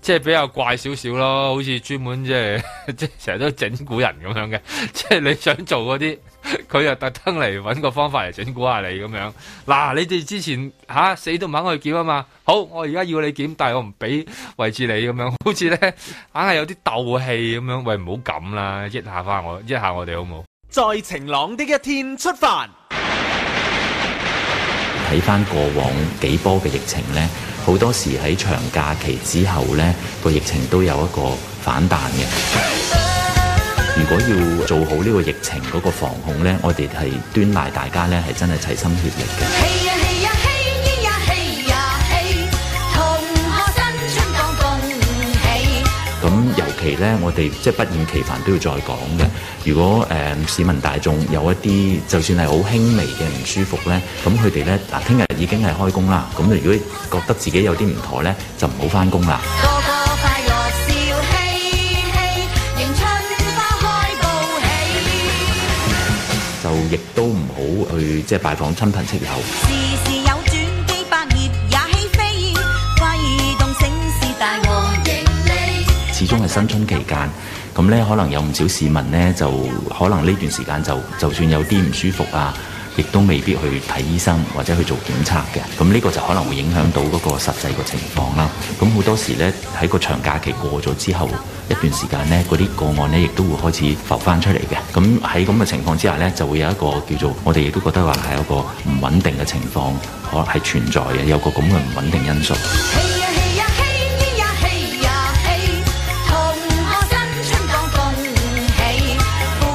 即係比較怪少少咯，好似專門、就係、 即係即係成日都整蠱人咁樣嘅。即係你想做嗰啲。佢又 特登嚟揾個方法嚟整蠱下你咁樣，嗱、啊、你哋之前吓、啊、死都唔肯去檢啊嘛，好，我而家要你檢，但係我唔俾維持你咁樣，好似咧硬係有啲鬥氣咁樣，喂，唔好咁啦，益下翻我，益下我哋好冇？在晴朗的一天出發。睇翻過往幾波嘅疫情咧，好多時喺長假期之後咧，個疫情都有一個反彈嘅。 如果要做好呢個疫情嗰個防控呢，我哋係端賴大家呢，係真係齊心協力嘅。咁 尤其呢，我哋即係不厭其煩都要再講嘅。如果誒、呃、市民大眾有一啲，就算係好輕微嘅唔舒服呢，咁佢哋呢，嗱，聽日已經係開工啦。咁如果覺得自己有啲唔妥呢，就唔好翻工啦。個個就亦都唔好去即係拜訪親朋戚友。時時有轉機，百業也起飛，揮動城市大我盈利。始終係新春期間，咁呢可能有唔少市民呢，就可能呢段時間就就算有啲唔舒服啊。亦都未必去睇醫生或者去做檢測嘅，咁呢個就可能會影響到嗰個實際嘅情況啦。咁好多時呢，喺個長假期過咗之後一段時間呢，嗰啲個案呢，亦都會開始浮翻出嚟嘅。咁喺咁嘅情況之下呢，就會有一個叫做我哋亦都覺得話係一個唔穩定嘅情況，可能係存在嘅，有個咁嘅唔穩定因素。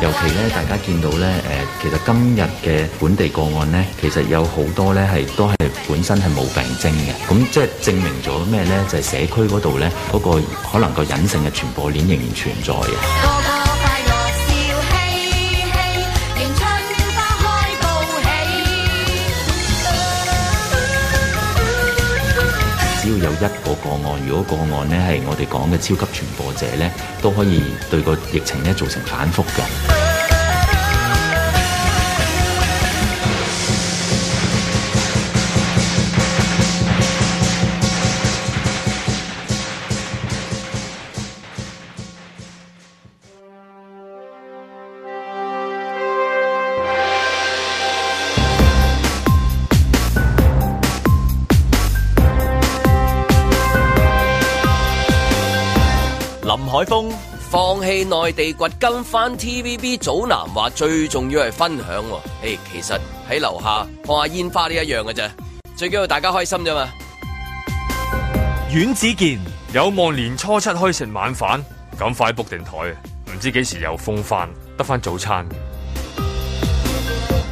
尤其咧，大家見到咧，誒、呃，其實今日嘅本地個案咧，其實有好多咧，係都係本身係冇病徵嘅。咁即係證明咗咩咧？就係、是、社區嗰度咧，嗰、嗰個可能個隱性嘅傳播鏈仍然存在嘅。只要有一個個案，如果個案咧係我哋講嘅超級傳播者咧，都可以對個疫情咧造成反覆嘅。放棄內地掘金翻 TVB，祖藍話最重要係分享、哦。誒，其實喺樓下放下煙花呢一樣嘅啫，最緊要大家開心啫嘛。阮子健有望年初七開成晚飯，咁快 book 定台，唔知幾時有風翻得翻早餐。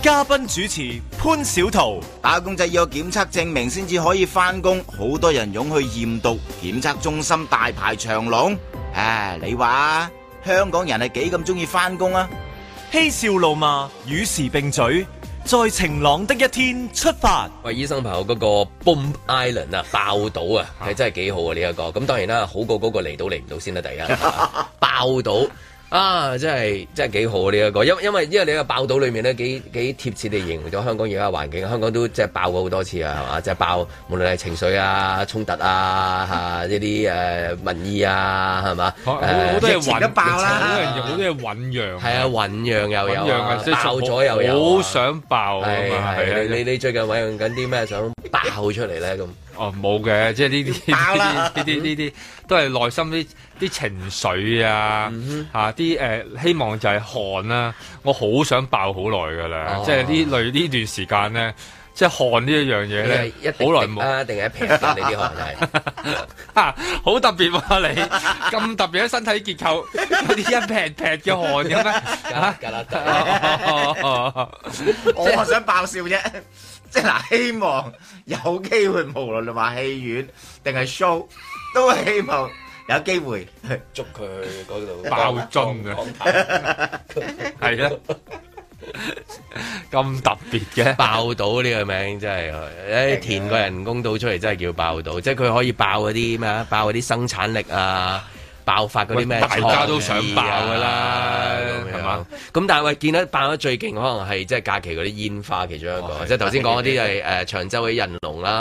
嘉賓主持潘小桃，打工仔要有檢測證明先至可以翻工，好多人湧去驗毒檢測中心，大排長龍。唉、啊，你話香港人係幾咁中意翻工啊？嬉笑怒罵，與時並嘴，在晴朗的一天出發。喂，醫生朋友嗰、那個 Boom Island 爆啊，爆島啊，係真係幾好啊！呢一個咁，當然啦，好過嗰個嚟到嚟唔到先啦，第一 爆島。啊！真係真係幾好呢一個，因為因為因為你個爆島裏面咧幾幾貼切地形容咗香港而家嘅環境，香港都即係爆過好多次啊，係嘛？即係爆，無論係情緒啊、衝突啊、嚇呢啲誒民意啊，係嘛？好、呃啊、多嘢混一爆啦，好多嘢醞釀，係啊，醞釀又有，醞釀啊，即係爆咗又有，有、啊，好想爆你、啊、你最近運用緊啲咩想爆出嚟咧咁？哦，冇嘅，即係呢啲呢啲呢啲都係內心啲啲情緒啊，嚇啲誒希望就係汗啦，我好想爆好耐噶啦，即係呢類呢段時間咧，即係汗呢一樣嘢咧，好耐冇一定係一撇啲汗嚟，好特別喎你，咁特別嘅身體結構，嗰啲一撇撇嘅汗咁咧，啦，我係想爆笑啫。即係嗱，希望有機會，無論你話戲院定係 show，都希望有機會捉佢去嗰度爆樽啊！係啊，咁特別嘅爆島呢個名真係，誒填個人工島出嚟真係叫爆島，即係佢可以爆嗰啲咩啊，爆嗰啲生產力啊！爆發嗰啲咩？大家都想爆噶啦，係嘛樣？咁嗎、嗯、但係我見得爆得最勁，可能係即係假期嗰啲煙花其中一個，哦、即係頭先講嗰啲係誒長洲嘅人龍啦，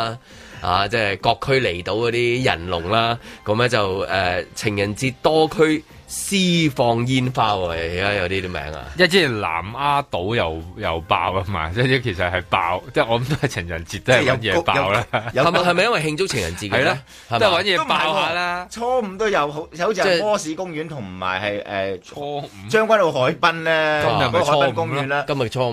啊、呃，即係各區離島嗰啲人龍啦，咁咧 就誒、呃、情人節多區。私放煙花喎，而家有呢啲名啊！一即係南丫島又又爆啊嘛，即係其實係爆，即係我諗都係情人節都係一夜爆啦。係咪？係咪因為慶祝情人節嘅？係啦，都係揾嘢爆下啦。初五都有好，好似係摩士公園同埋係誒初五將軍澳海濱咧，是是海濱公園啦、啊。今日初五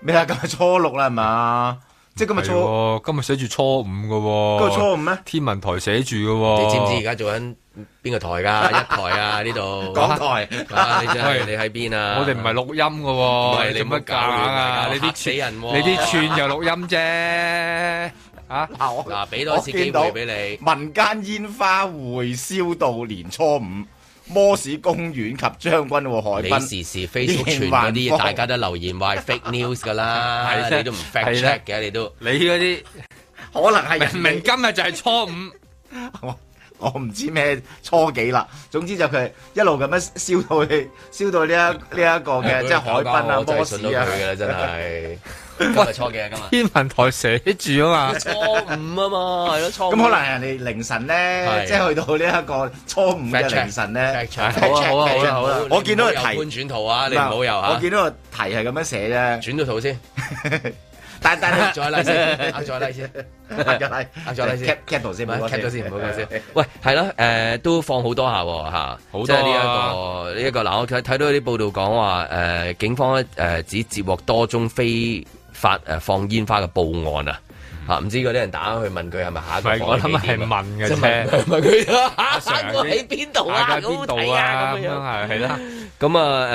咩啊？今日初六啦，係嘛？即係今日初，今日寫住初五嘅喎。都係初五咩？天文台寫住嘅喎。你知唔知而家做緊邊個台㗎？一台啊，呢度。講台，你真係你喺邊啊？我哋唔係錄音嘅你唔係你做乜講啊？你啲死人喎！你啲串就錄音啫。啊，嗱我，嗱俾多次機會俾你。民間煙花會燒到年初五。摩士公園及將軍海濱時時 Facebook 傳，嗰啲大家都留言話 fake news 噶啦，你都唔 fact check 嘅，你都你嗰啲可能係人明，今日就係初五，我唔知咩初幾啦，總之就佢一路咁樣燒到你，燒到呢一呢一個嘅即係海濱啊摩士啊，真係。今日初幾啊？今日，今日天文台寫住啊嘛，初五啊嘛，係咯，初五。咁可能人哋凌晨咧，即係去到呢一個初五嘅凌晨咧。好啊，好啦，好啦。我見到個題轉圖啊，你唔好又我見到個題係咁樣寫啫。轉咗圖先，但但再拉先，再拉先，再拉先。截截圖先咪，截咗先，唔好意思。喂，係咯，誒，都放好多下喎嚇，好多呢一個呢一個。嗱，我睇到啲報道講話，誒，警方誒只接獲多宗飛。誒放煙花嘅報案啊吓，唔知嗰啲人打去問佢係咪下一個唔係我諗係問嘅啫，問佢喺邊度啊，喺邊度啊，咁樣係係啦。咁啊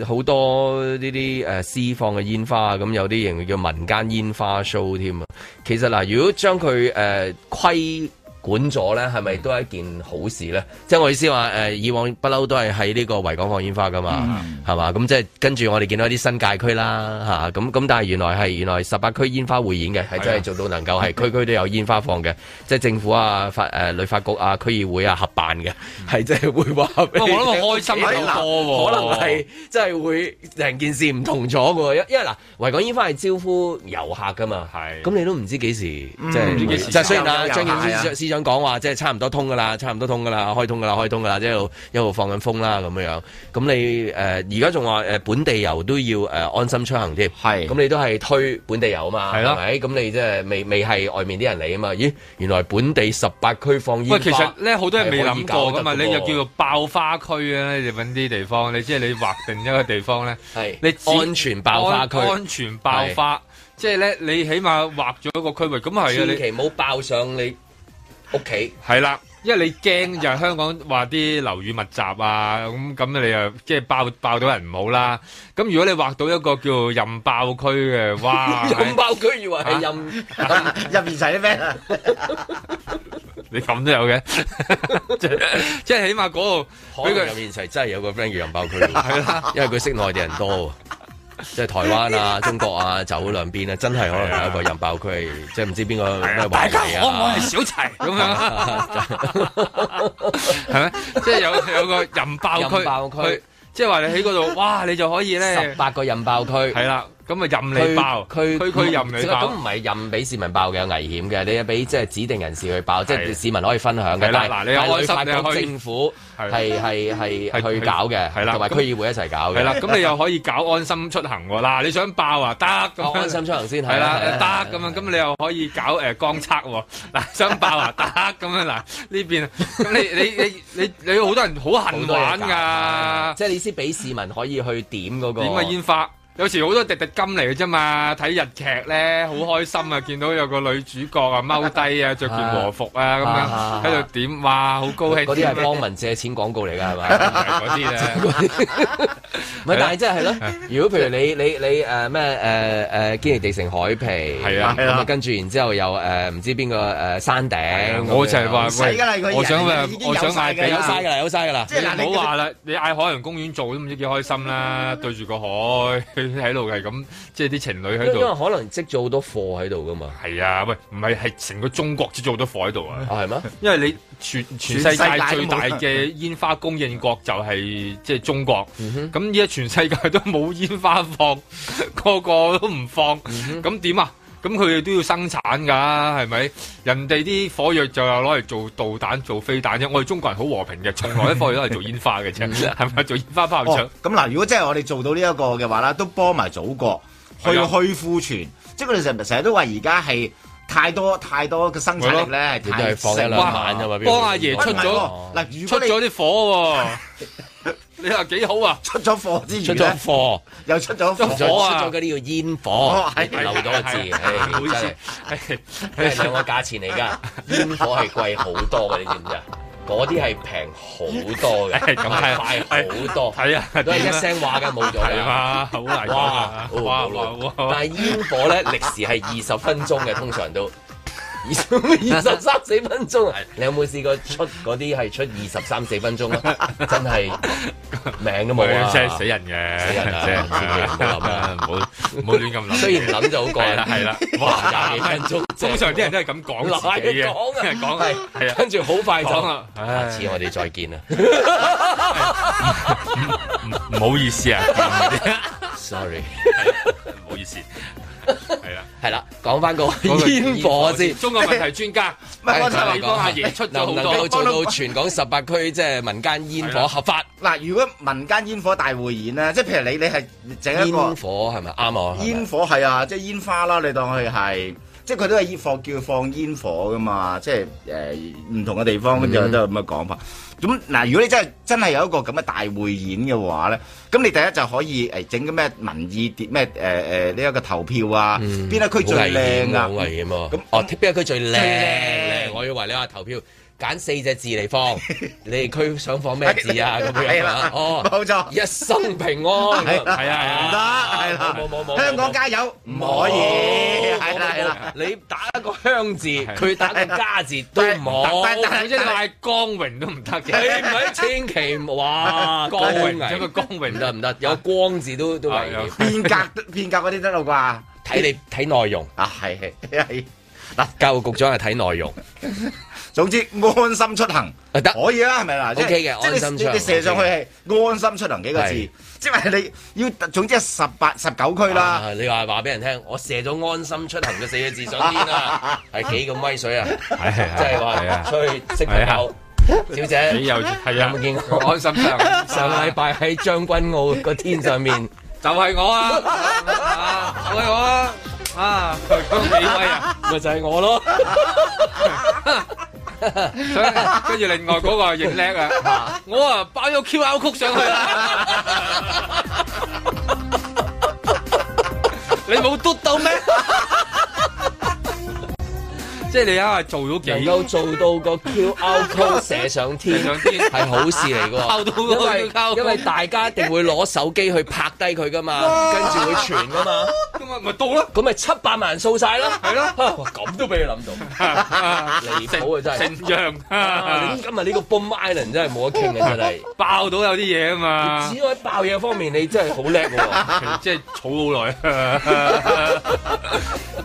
誒，好、呃、多呢啲誒私放嘅煙花，啊，咁有啲嘢叫民間煙花 show 添啊。其實嗱、呃，如果將佢誒規。呃管咗咧，係咪都係一件好事咧？即係我意思話，誒、呃、以往不嬲都係喺呢個維港放煙花噶嘛，係嘛、嗯啊？咁即係跟住我哋見到啲新界區啦，嚇咁咁，但係原來係原來十八區煙花匯演嘅，係真係做到能夠係區區都有煙花放嘅，即係政府啊、法誒旅發、呃、局啊、區議會啊合辦嘅，係真係會話。我諗開心好多喎，可能係真係會成件事唔同咗喎，因因為嗱、呃，維港煙花係招呼遊客噶嘛，係咁是你都唔知幾時，即係唔知幾時就、啊，就講話即係差唔多通噶啦，差唔多通噶啦，開通噶啦，開通噶啦，即係一路放緊風啦，咁樣樣。咁你誒而家仲話誒本地遊都要誒安心出行添。係。咁你都係推本地遊啊嘛。係咯。係咪？咁你即係未未係外面啲人嚟啊嘛？咦，原來本地十八區放煙花。不過其實咧，好多人未諗過噶嘛。你又叫做爆花區啊？你搵啲地方，你即係你劃定一個地方咧。係。你安全爆花區。安全爆花，即係咧，你起碼劃咗一個區域。咁係啊，你。其唔好爆上你。屋企係啦，因為你驚就係香港話啲樓宇密集啊，咁咁你又即係爆爆到人唔好啦。咁如果你畫到一個叫任爆區嘅，哇！就是、 任爆區以為係任入面齊咩？你咁都有嘅，即 係 起碼嗰、那個入面齊真係有個 friend 叫任爆區，係 啦，因為佢識內地人多。即係台灣啊、中國啊，走兩邊啊，真係可能有一個人爆區，即係唔知邊個咩問題啊！大家小齊咁樣、啊？係咩 即係有有個人爆區，爆區去即係話你喺嗰度，哇！你就可以咧，十八個人爆區係啦。 咁咪任你爆，區區任你爆，都唔係任俾市民爆嘅，有危險嘅。你要俾即係指定人士去爆，即係市民可以分享嘅。但係你安心，政府係係係去搞嘅，同埋區議會一齊搞嘅。係啦，咁你又可以搞安心出行喎。嗱，你想爆啊？得咁安心出行先係。係啦，得咁樣，咁你又可以搞誒光測喎。嗱，想爆啊？得咁樣嗱呢邊，你你你你你好多人好痕玩㗎。即係你先俾市民可以去點嗰個點煙花。有時好多滴滴金嚟嘅啫嘛，睇日劇咧好開心啊！見到有個女主角啊踎低啊，著件和服啊咁樣喺度點哇，好高興！嗰啲係幫民借錢廣告嚟㗎，係嘛？嗰啲啊，嗰啲唔係，但係真係咯。如果譬如你你你誒咩誒誒堅尼地城海皮係啊係啊，跟住然之後又誒唔知邊個誒山頂，我就係話唔使㗎啦，我想咪我想嗌俾有曬㗎，好曬㗎啦！你唔好話啦，你嗌海洋公園做都唔知幾開心啦，對住個海。喺度嘅係咁，即係啲情侶喺度。因為可能積咗好多貨喺度噶嘛。係啊，喂，唔係係成個中國積咗好多貨喺度啊。係咩？因為你全全世界最大嘅煙花供應國就係、是、即係中國。咁依家全世界都冇煙花放，個個都唔放，咁點、嗯、哼啊？咁佢哋都要生產噶，係咪？人哋啲火藥就有攞嚟做導彈、做飛彈啫。我哋中國人好和平嘅，從來啲火藥攞嚟做煙花嘅，係咪？ 做煙花炮仗。咁嗱、哦，如果真係我哋做到呢一個嘅話啦，都幫埋祖國去的去庫存，即係佢哋成日成日都話而家係太多太多嘅生產力咧，的太食。就放兩晚哇！幫阿爺出咗嗱，哦、出咗啲火、啊。 你話幾好啊？出咗貨之餘，出咗貨又出咗火啊！出咗嗰啲叫煙火，係漏咗個字，真係兩個價錢嚟㗎。煙火係貴好多嘅，你知唔知啊？嗰啲係平好多嘅，咁係快好多，係啊，都係一聲話嘅冇咗，係嘛？好難講哇哇哇！但係煙火咧，歷時係二十分鐘嘅，通常都。二十三四分鐘，你有冇試過出嗰啲係出二十三四分鐘啊？真係命都冇啊，真係死人嘅，真係死人唔好唔好亂咁諗，雖然諗就好過。係啦、 啊啊，哇！廿幾分鐘，通常啲人都係咁講啦，講嘅講係，係啊，跟住好快講啦說。下次我哋再見啦。唔、 哎嗯、好意思啊，意思啊 ，sorry，唔、 哎、好意思。係啦，係啦， 講翻個煙火先。 中國問題專家，唔係我想講下，而、哎、出、哎、能唔能夠做到全港十八區，即係民間煙火合法。嗱、哎，如果民間煙火大會演咧，即係譬如你，你係整一個煙火係咪啱啊？煙火係啊，即係煙花啦，你當佢係。即係佢都係煙放叫放煙火噶嘛，即係誒唔同嘅地方都有咁嘅講法。咁嗱、mm hmm.，如果你真係真係有一個咁嘅大匯演嘅話咧，咁你第一就可以誒整啲咩民意啲咩誒誒呢一個投票啊，邊、嗯、一區最靚啊？好危險、啊！好危險邊一區最靚美？我以為你話投票。揀四隻字嚟放，你佢想放咩字啊？咁樣啊？哦，冇錯，一生平安，係啊，唔得，係啦，冇冇冇，香港加油，唔可以，係啦，你打個香字，佢打個加字都唔好，但係即係光榮都唔得嘅，係唔係？千祈唔好話，光榮，一個光榮得唔得？有光字都都變格，變格嗰啲得啦啩？睇你睇內容啊，係係嗱，教育局長係睇內容。總之安心出行得可以啦，係咪啦？O K 嘅，安心出行。即係你你射上去係安心出行幾個字，即係你要總之係十八十九區啦。你話話俾人聽，我射咗安心出行嘅四個字上天啦，係幾咁威水啊！係係，即係話出去識朋友，小姐，係啊，有冇見我安心上？上禮拜喺將軍澳個天上面，就係我啊，就係我啊，啊，幾威啊，咪就係我咯。跟住另外嗰個影叻啊！我啊包咗 QR 曲上去啦！你冇捉到咩？即係你啱話做咗件，夠做到個 QR code 射上天，係好事嚟㗎喎。因為因為大家一定會攞手機去拍低佢㗎嘛，跟住會傳㗎嘛，咁啊咪到啦。咁咪七百萬掃晒啦，係啦。咁都俾你諗到，離譜啊，真係，成成樣啊！你今日呢個 Boom Island 真係冇得傾啊！真係爆到有啲嘢啊嘛！只係爆嘢方面，你真係好叻喎，即係儲好耐，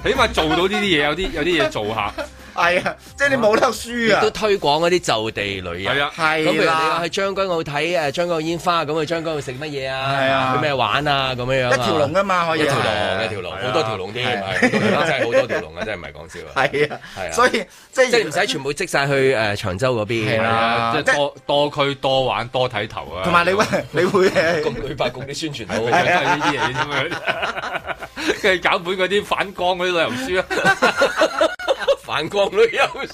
起碼做到呢啲嘢，有啲有啲嘢做下。係啊，即係你冇得輸啊！都推廣嗰啲就地旅遊，係啊，係咁，譬如你話去將軍澳睇誒將軍澳煙花，咁去將軍澳食乜嘢啊？係啊，去咩玩啊？咁樣樣一條龍噶嘛，可以一條龍一條龍，好多條龍添，真係好多條龍啊！真係唔係講笑啊！係啊，係啊，所以即係唔使全部積晒去誒長洲嗰邊啊，即係多多區多玩多睇頭啊！同埋你會你會共旅發局啲宣傳呢啲嘢，咁樣跟住搞本嗰啲反光嗰啲旅遊書啊！反光旅遊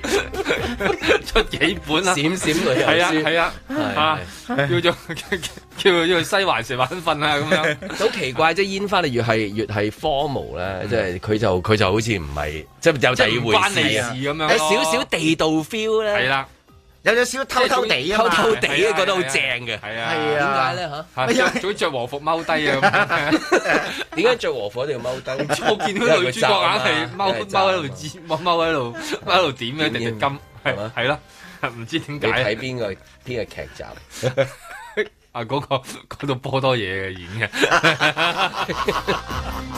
書出幾本啦，閃閃旅遊書係啊係啊，叫做叫做西環石板瞓啊咁樣，好 奇怪 al,、嗯、即係煙花，你越係越係 formal 咧，即係佢就佢就好似唔係即係有第回事關你事咁樣，啊、有少少地道 feel 咧，係啦、啊。有少少偷偷地啊，偷偷地啊覺得好正嘅，係啊，係啊，點解咧吓？着總着和服踎低啊？點解着和服一定要踎低？我見到女主角眼係踎踎喺度接，踎喺度踎喺度點嘅？定金係嘛？係咯，唔知點解睇邊個邊個劇集？啊，嗰個嗰度波多嘢嘅演嘅，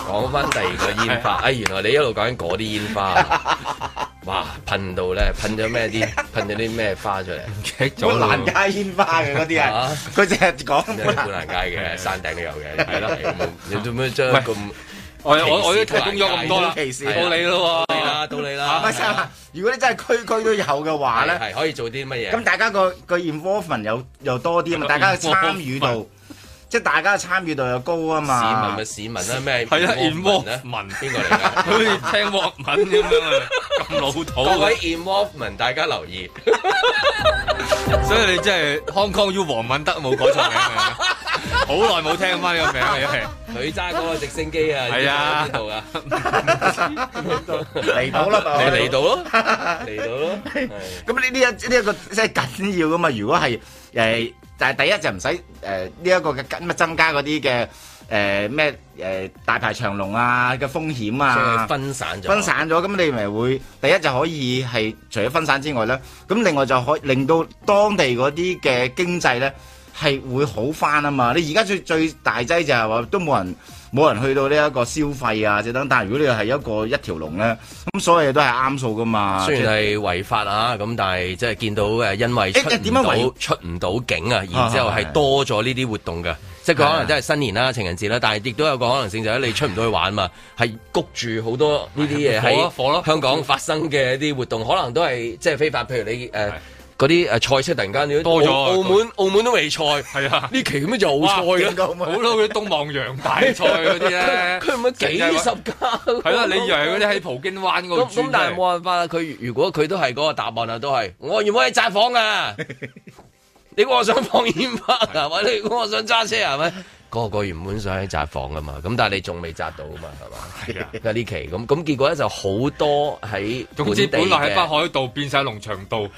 講翻第二個煙花。哎，原來你一路講緊嗰啲煙花。哇！噴到咧，噴咗咩啲？噴咗啲咩花出嚟？好難戒煙花嘅嗰啲啊！佢淨係講，我好難戒嘅，山頂都有嘅，係啦。你做咩將咁？我我我都提供咗咁多啦，到你啦，到你啦。唔係，如果你真係區區都有嘅話咧，係可以做啲乜嘢？咁大家個個 involvement 又又多啲啊！大家參與到。即係大家嘅參與度又高啊嘛！市民咪市民啦，咩？係啊，involve 咧，文邊個嚟㗎？好似聽沃文咁樣啊，咁老土嘅。Involve 文，大家留意。所以你真係 Hong Kong U 黃文德冇改錯名啊！好耐冇聽翻呢個名係。佢揸嗰個直升機啊！係啊，邊度㗎？嚟到啦！你嚟到咯？嚟到咯！咁呢啲一呢一個真係緊要㗎嘛！如果係誒。但係第一就唔使誒呢一個嘅乜增加嗰啲嘅誒咩誒大排長龍啊嘅風險啊，險啊，分散咗，分散咗，咁你咪會第一就可以係除咗分散之外咧，咁另外就可以令到當地嗰啲嘅經濟咧係會好返啊嘛！你而家最最大劑就係話都冇人。冇人去到呢一個消費啊，即係等。但係如果你係一個一條龍咧，咁所有嘢都係啱數噶嘛。雖然係違法啊，咁但係即係見到誒，因為出唔、欸欸、出唔到境啊，然之後係多咗呢啲活動嘅。啊啊啊、即係佢可能真係新年啦、啊、啊、情人節啦、啊，但係亦都有個可能性就係你出唔到去玩嘛，係谷、啊、住好多呢啲嘢喺香港發生嘅一啲活動，可能都係即係非法。譬如你誒。呃嗰啲誒賽車突然間都多咗，澳門澳門都未賽，係啊，呢期咁樣就賽啦，好多佢東望洋大賽嗰啲咧，佢唔係幾十間，係啦，你以為佢哋喺葡京灣嗰度咁，但係冇辦法啦。佢如果佢都係嗰個答案啊，都係我原本喺窄房啊，你估我想放煙花係咪？你估我想揸車係咪？個個原本想喺扎房㗎嘛，咁但係你仲未扎到啊嘛，係嘛？係啊，呢 期咁咁結果咧就好多喺總之本來喺北海道變晒農場道，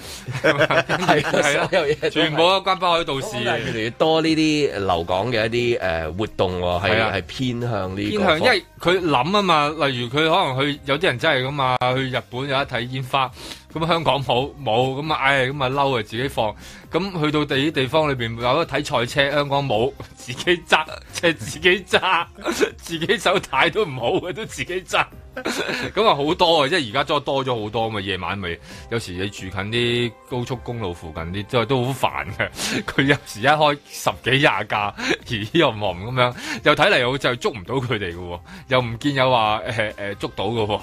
係係 啊，全部都關北海道事，越嚟、嗯、越多呢啲留港嘅一啲誒活動喎，係係、啊、偏向呢個。佢諗啊嘛，例如佢可能去有啲人真係㗎嘛，去日本有得睇煙花，咁香港冇冇，咁啊唉，咁啊嬲啊，自己放，咁去到第啲地方裏邊有得睇賽車，香港冇，自己揸即係自己揸， 自己手太都唔好，都自己揸。咁啊，好 多啊，即係而家多多咗好多啊嘛！夜晚咪有時你住近啲高速公路附近啲，即係都好煩嘅。佢有時一開十幾廿架，咦，又忙咁樣，又睇嚟又就捉唔到佢哋嘅，又唔見有話誒誒捉到嘅。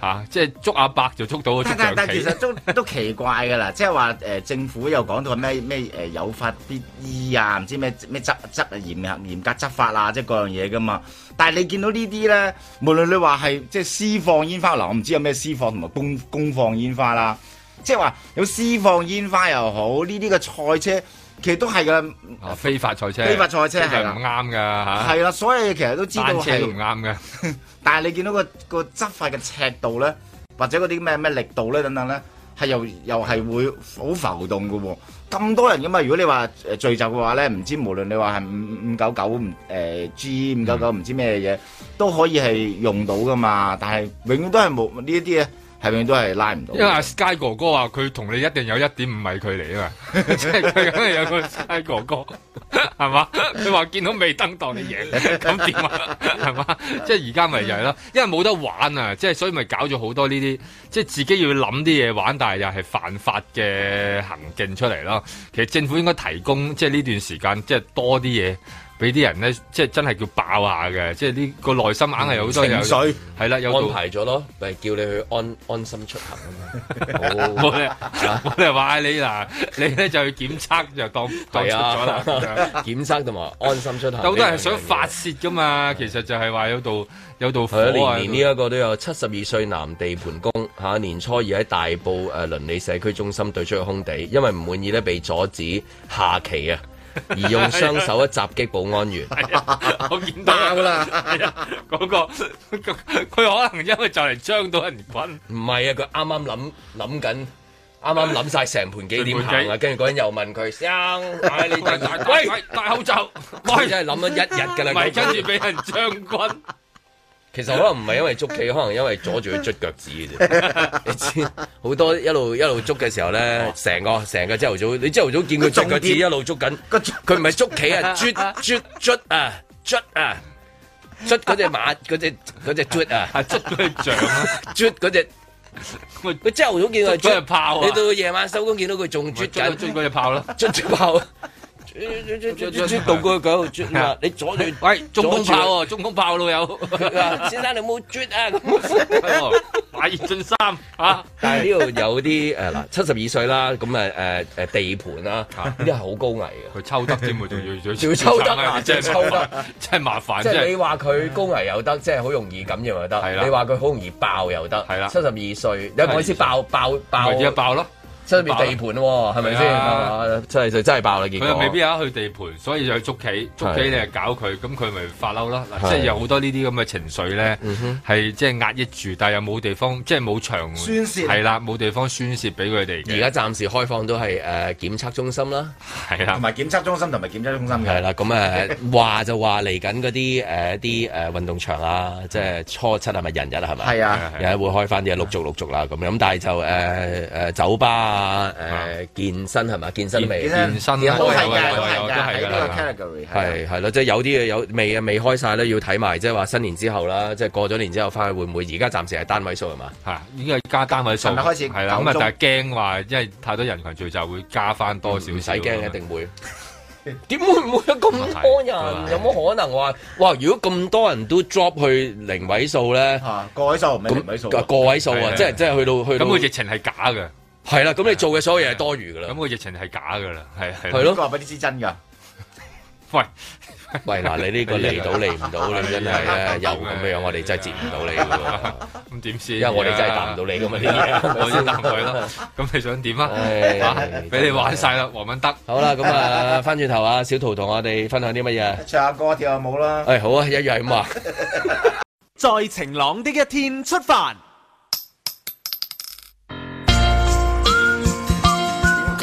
嚇、啊！即係捉阿伯就捉到捉，但，但但其實都都奇怪嘅啦。即係話誒，政府又講到咩咩誒，有法必依啊，唔知咩咩執執嚴嚴格執法啊，即係嗰樣嘢噶嘛。但係你見到呢啲咧，無論你話係即係私放煙花嗱、呃，我唔知有咩私放同埋公公放煙花啦。即係話有私放煙花又好，呢啲嘅賽車。其實都係噶，非法賽車，非法賽車係啦，唔啱噶吓，係啦，所以其實都知道，單車都唔啱嘅。但係你見到個個執法嘅尺度咧，或者嗰啲咩咩力度咧等等咧，係又又係會好浮動嘅。咁多人噶嘛，如果你話誒聚集嘅話咧，唔知無論你話係五五九九唔誒 G 五九九唔知咩嘢嘢都可以係用到噶嘛。但係永遠都係冇呢一啲嘢。永遠都係拉唔到，因為 Sky 哥哥話佢同你一定有一點五米距離啊嘛，即係佢梗係有個 Sky 哥哥係 嘛是吧？佢 話見到未登，當你贏，咁點啊？係嘛？ 即係而家咪就係咯，因為冇得玩啊，即係所以咪搞咗好多呢啲，即係自己要諗啲嘢玩，但係又係犯法嘅行徑出嚟咯。其實政府應該提供即係呢段時間，即係多啲嘢。俾啲人咧，即係真係叫爆下嘅，即係呢個內心硬係有好多情緒，係啦，有個安排咗咯，咪叫你去安安心出行啊嘛。我哋我哋話你嗱呢，你咧 就去檢測，就當對、啊、出咗啦。 檢測同埋安心出行。有好多係想發洩噶嘛，啊、其實就係話有度有度、啊、的年年呢一個都有七十二歲男地盤工嚇年初二喺大埔誒鄰里社區中心對出個空地，因為唔滿意咧被阻止下棋啊。而用雙手一襲擊保安員， 哎、我見到啦，嗰、哎那個佢可能因為就嚟將到人滾，唔係啊，佢啱啱諗諗緊，啱啱諗晒成盤幾點行啊，跟住嗰陣又問佢，生、哎，你大鬼大口罩，佢 真係諗咗一日噶啦，跟住俾人將滾。 其實可能唔係因為捉棋，可能因為阻住佢捽腳趾嘅啫。你知好 多一路一路捉嘅時候咧，成 個成個朝頭早，你朝頭早見佢捽腳趾，一路捽緊。佢唔係捉棋捉捉捉啊，捽捽捽啊，捽啊，捽嗰隻馬，嗰隻嗰隻捽啊，捽嗰隻象，捽嗰隻。佢朝頭早見佢捽隻炮，你到夜晚收工見到佢仲捽緊，捽嗰隻炮啦，捽隻炮。你你你你你你倒過佢，你阻住喂中空炮喎，中空炮老友！先生你冇啜啊，快進三啊！但係呢度有啲誒嗱，七十二歲啦，咁啊誒誒地盤啦，呢啲係好高危嘅，佢抽得啫啊，仲要要抽得啊，真係抽得真係麻煩。即係你話佢高危又得，即係好容易感染又得，你話佢好容易爆又得，係啦，七十二歲有冇意思爆爆爆？一爆咯。出面地盤喎，係咪先？係啊，真係就真係爆啦！結果佢又未必嚇去地盤，所以就去捉棋，捉棋你係搞佢，咁佢咪發嬲咯。嗱，即係有好多呢啲咁嘅情緒咧，係即係壓抑住，但係又冇地方，即係冇場宣泄，係啦，冇地方宣泄俾佢哋。而家暫時開放都係誒檢測中心啦，係啦，同埋檢測中心同埋檢測中心嘅。係啦，咁誒話就話嚟緊嗰啲誒啲誒運動場啊，即係初七係咪人日係咪？係啊，人日會開翻啲，陸續陸續啦咁，咁但係就誒誒酒吧。啊，誒健身係嘛？健身未？健身啊，都係㗎，都係㗎，喺嗰個 category 係係咯，即係有啲嘢有未啊？未開晒咧，要睇埋即係話新年之後啦，即係過咗年之後翻去會唔會？而家暫時係單位數係嘛？係已經係加單位數，開始係啦。咁啊，但係驚話，因為太多人群聚集會加翻多少？唔使驚，一定會。點會唔會有咁多人？有冇可能話哇？如果咁多人都 drop 去零位數咧，個位數唔係零位數，個位數啊，即係即係去到去到咁，個疫情係假嘅。係啦，咁你做嘅所有嘢係多餘噶啦，咁個疫情係假噶啦，係係咯，我話俾你知真噶。喂喂，嗱，你呢個嚟到嚟唔到你真係又咁樣，我哋真係接唔到你。咁點先？因為我哋真係答唔到你咁啊啲嘢，我先答佢咯。咁你想點啊？俾你玩晒啦，黃文德。好啦，咁啊，翻轉頭啊，小桃同我哋分享啲乜嘢？唱下歌，跳下舞啦。誒，好啊，一樣係咁話。在晴朗的一天出發。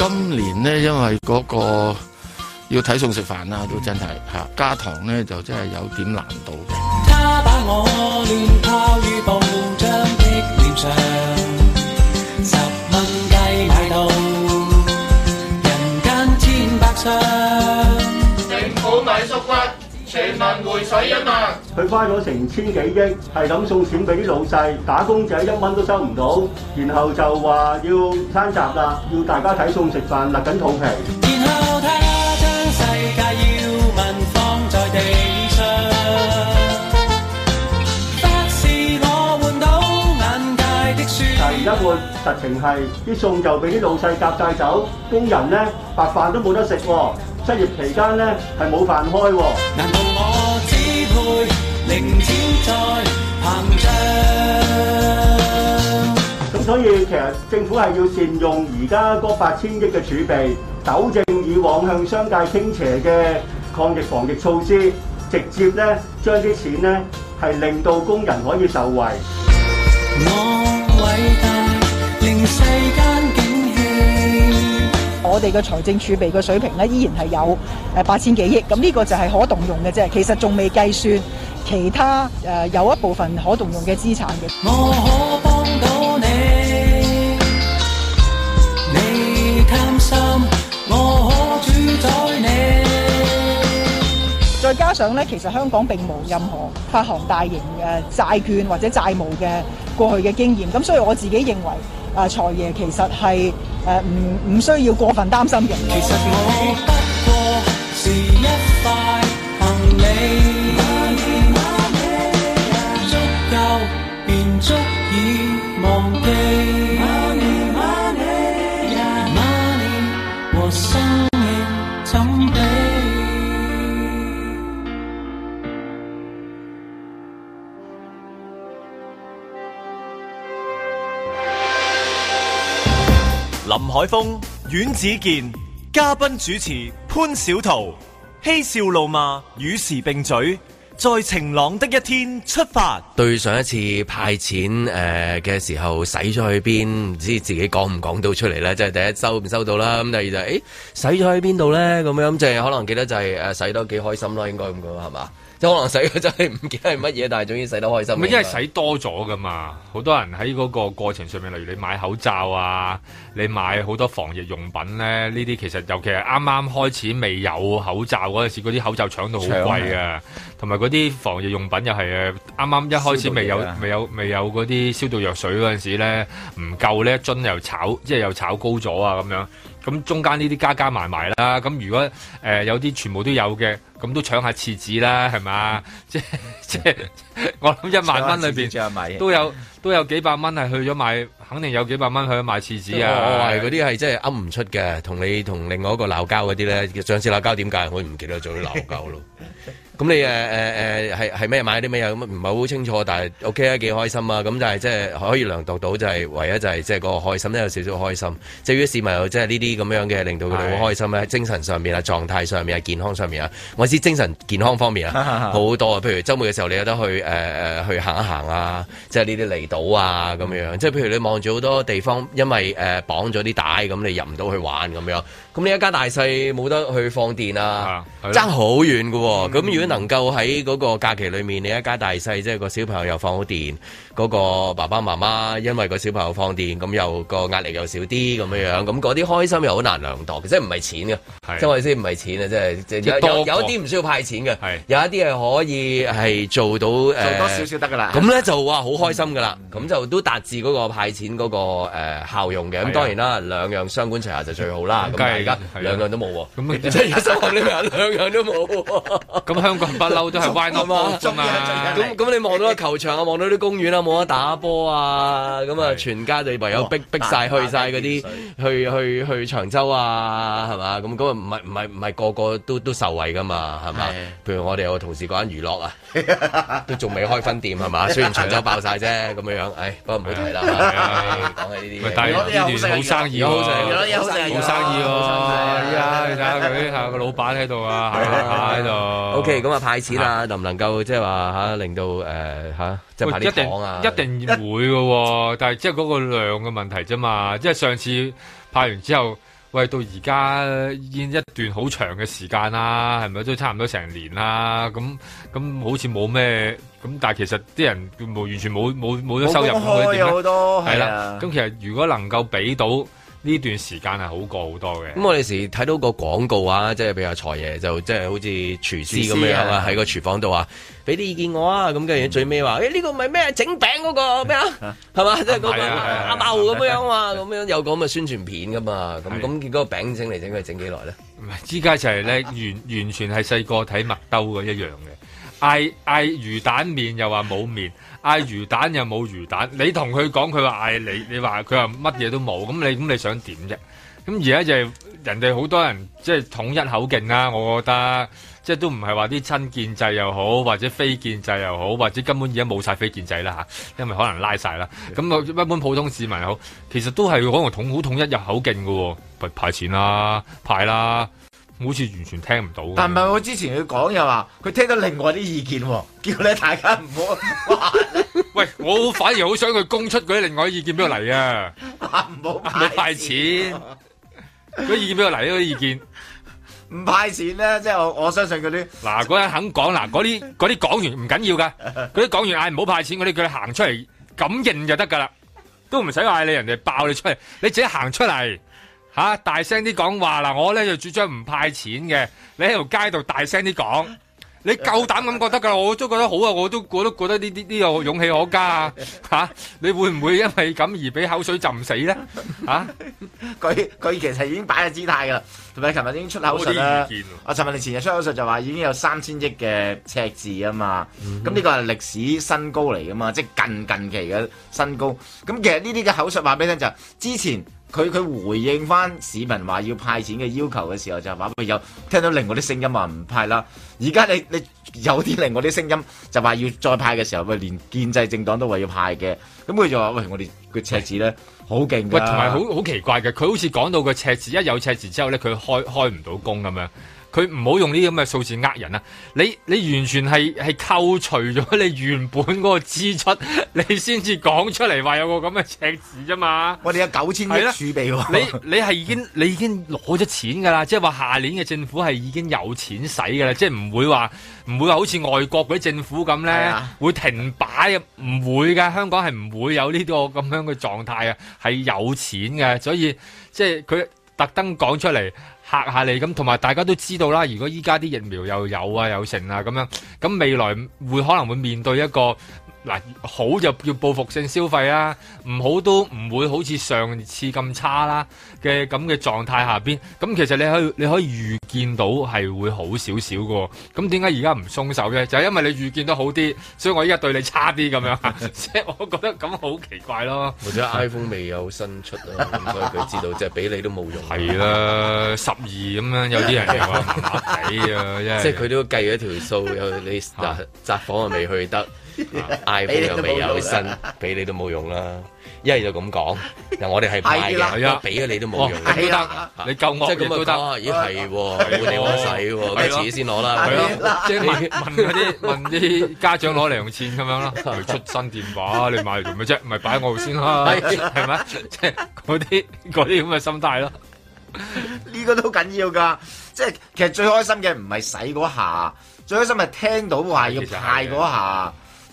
今年呢，因為嗰個要睇餸食飯啦，都真係嚇加糖呢，就真係有點難度嘅。嘅。十蚊雞喺度，人間千百歲回水一萬，佢花咗成千幾億，係咁送錢俾啲老細，打工仔一蚊都收唔到，然後就話要餐集啦，要大家睇餸食飯，勒緊肚皮。然後他將世界要問放在地上，得是我換到眼界的舒。但係而家個實情係，啲餸就俾啲老細夾晒走，工人咧白飯都冇得食喎。失業期間呢，係冇飯開喎。咁所以其實政府係要善用而家嗰八千億嘅儲備，糾正以往向商界傾斜嘅抗疫防疫措施，直接呢將啲錢呢，係令到工人可以受惠。我偉大，令世間。我哋嘅財政儲備嘅水平咧，依然係有誒八千幾億，咁呢個就係可動用嘅啫。其實仲未計算其他誒有一部分可動用嘅資產嘅。我可幫到你，你貪心，我可主宰你。再加上咧，其實香港並冇任何發行大型嘅債券或者債務嘅過去嘅經驗，咁所以我自己認為。啊！財爺其實係誒唔唔需要過分擔心嘅。其實我不過是一塊行李。海峰、阮子健、嘉賓主持潘小桃，嬉笑怒罵，與時並嘴，在晴朗的一天出發。對上一次派錢誒嘅、呃、時候，使咗去邊？唔知自己講唔講到出嚟咧？即、就、係、是、第一收唔收到啦，咁第二就誒、是，使咗喺邊度咧？咁樣即係、就是、可能記得就係誒，使得幾開心咯，應該咁講係嘛？可能使真係唔記得係乜嘢，但係總之使得開心。唔係因為使多咗噶嘛，好多人喺嗰個過程上面，例如你買口罩啊，你買好多防疫用品咧，呢啲其實尤其係啱啱開始未有口罩嗰陣時，嗰啲口罩搶到好貴啊，同埋嗰啲防疫用品又係誒啱啱一開始未有未，啊，有未有嗰啲消毒藥水嗰陣時咧，唔夠呢樽又炒，即係又炒高咗啊咁樣。咁中間呢啲加加埋埋啦，咁如果誒，呃，有啲全部都有嘅。咁都搶下廁紙啦，係咪？即係即係 我諗一萬蚊裏邊都有都有幾百蚊係去咗買。肯定有幾百蚊去買廁紙啊！係嗰啲係真係噏唔出嘅，同你同另外一個鬧交嗰啲咧，上次鬧交點解我唔記得做啲鬧交咯？咁 你誒誒誒係係咩買啲咩啊？咁唔係好清楚，但係 OK 啊，幾開心啊！咁就係即係可以量度到、就係，就係唯一就係即係個開心咧，真有少少開心。至於市民即係呢啲咁樣嘅，令到佢哋好開心咧，是精神上面啊、狀態上面啊、健康上面啊，我知精神健康方面啊，好多啊。譬如週末嘅時候，你有得去誒誒、呃、去行一行啊，即係呢啲離島啊咁樣，即係、嗯、譬如你望住好多地方，因為誒綁咗啲帶咁，你入唔到去玩咁樣。咁你一家大細冇得去放電啊，爭好遠㗎喎。咁如果能夠喺嗰個假期裏面，你一家大細即係個小朋友又放好電，嗰個爸爸媽媽因為個小朋友放電，咁又個壓力又少啲咁樣樣。咁嗰啲開心又好難量度嘅，即係唔係錢嘅，即係先唔係錢啊，即係。有啲唔需要派錢嘅，有一啲係可以係做到做多少少得㗎啦。咁咧就哇好開心㗎啦，咁就都達至嗰個派錢嗰個誒效用嘅。咁當然啦，兩樣相關齊下就最好啦。而家兩樣都冇喎，咁即係一十萬啲人兩樣都冇，咁香港不嬲都係歪落波中啊！咁咁你望到個球場啊，望到啲公園啊，冇得打波啊，咁啊，全家就唯有逼逼晒去晒嗰啲去去去長洲啊，係嘛？咁咁唔係唔係唔係個個都都受惠㗎嘛，係嘛？譬如我哋有個同事講緊娛樂啊，都仲未開分店係嘛？雖然長洲爆晒啫，咁樣樣，不過唔好提啦。講起呢啲，但係依然好生意，好生意咯。哎呀，你睇下佢睇下個老闆喺度啊，喺度。O K，咁啊派錢啦，能唔能夠即係話吓令到誒吓就快啲講啊？一定會嘅，但係即係嗰個量嘅問題啫嘛。即係上次派完之後，喂到而家一段好長嘅時間啦，係咪都差唔多成年啦？咁咁好似冇咩，咁但係其實啲人冇完全冇冇冇咗收入，冇咁點咧？係啦，咁其實如果能夠俾到。呢段時間係好過好多嘅、嗯。咁我哋時睇到個廣告啊，即係比如阿財爺就即係好似廚師咁樣詩啊廚，喺個廚房度啊，俾啲意見我啊。咁跟住最尾話，誒呢、嗯這個咪咩整餅嗰個咩、那個、啊？係嘛，即係嗰個阿茂咁樣嘛，咁樣有個咁嘅宣傳片噶嘛。咁咁佢嗰個餅整嚟整去整幾耐咧？唔係，依家就係咧，完完全係細個睇麥兜嗰一樣嘅。嗌嗌魚蛋麵又話冇麵，嗌魚蛋又冇魚蛋，你同佢講，佢話嗌你，你話佢話乜嘢都冇，咁你咁你想點啫？咁而、就是、家就係人哋好多人即係、就是、統一口徑啦、啊，我覺得即係、就是、都唔係話啲親建制又好，或者非建制又好，或者根本而家冇晒非建制啦吓，因為可能拉晒啦，咁一般普通市民好，其實都係可能統好統一入口徑噶、哦，派錢啦派啦。好似完全聽唔到。但係我之前佢講又話，佢聽到另外啲意見、哦，叫你大家唔好。 喂，我反而好想佢供出嗰啲另外意見俾我嚟啊！唔好派錢，嗰、啊、 意見俾我嚟，呢個意見。唔派錢咧、啊，即、就、係、是、我，我相信嗰啲。嗱、啊，嗰人肯講嗱，嗰啲嗰啲講完唔緊要噶，嗰啲講完嗌唔好派錢，嗰叫你行出嚟噉認就得噶啦，都唔使嗌你人哋爆你出嚟，你自己行出嚟。吓、啊、大聲啲講話嗱，我咧就主張唔派錢嘅。你喺條街度大聲啲講，你夠膽咁覺得噶？我都覺得好啊，我都我都覺得呢啲呢個勇氣可嘉啊！吓、啊，你會唔會因為咁而俾口水浸死咧？吓、啊，佢佢 其實已經擺咗姿態噶啦，同埋琴日已經出口實出口術啦。啊，琴日前日出口術就話已經有三千億嘅赤字啊嘛。咁呢、嗯、哼個係歷史新高嚟噶嘛，即係近近期嘅新高。咁其實呢啲嘅口術話俾你聽就是、之前。佢佢回應返市民話要派錢嘅要求嘅時候就，就話譬如有聽到另外啲聲音話唔派啦，而家你你有啲另外啲聲音就話要再派嘅時候，喂，連建制政黨都話要派嘅，咁佢就話喂，我哋個赤字咧好勁㗎，喂，同埋好好奇怪嘅，佢好似講到個赤字，一有赤字之後咧，佢開開唔到工咁樣。佢唔好用呢啲咁嘅數字呃人啊！你你完全係係扣除咗你原本嗰個支出，你先至講出嚟，話有個咁嘅赤字啫嘛！我哋有九千幾嘅儲備、啊啊、你你係已經你已經攞咗錢噶啦，即係話下年嘅政府係已經有錢使噶啦，即係唔會話唔會話好似外國嗰啲政府咁咧、啊、會停擺，唔會噶，香港係唔會有呢、這個咁樣嘅狀態啊，係有錢嘅，所以即係佢特登講出嚟。嚇下你咁，同埋大家都知道啦。如果依家啲疫苗又有啊，有成啊，咁樣，咁未來會可能會面對一個。嗱好就要報復性消費啦，唔好都唔會好似上次咁差啦嘅咁嘅狀態下邊，咁其實你可以你可以預見到係會好少少嘅，咁點解而家唔鬆手啫？就係因為你預見得好啲，所以我依家對你差啲咁樣，即係我覺得咁好奇怪咯。或者 iPhone 未有新出啊，咁所以佢知道，即係俾你都冇用。係啦，十二咁樣有啲人話唔啱睇啊，即係佢都計咗條數，有你嗱窄房又未去得，iPad 又未有新，俾你都冇用啦。一係就咁講，嗱我哋係派啦，俾咗你都冇用，你得，你救我咁都得，咦，係喎，冇地方使喎，咪自己先攞啦。係咯，即係你問嗰啲問啲家長攞零用錢咁樣咯。出新電話你買嚟做咩啫？唔係擺喺我度先啦，係咪？即係嗰啲啲咁嘅心態咯。呢個都緊要噶，即係其實最開心嘅唔係使嗰下，最開心係聽到話要派嗰下。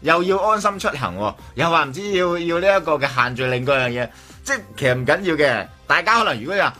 又要安心出行，又話唔知要要呢一個嘅限聚令嗰樣嘢，即係其實唔緊要嘅。大家可能如果你話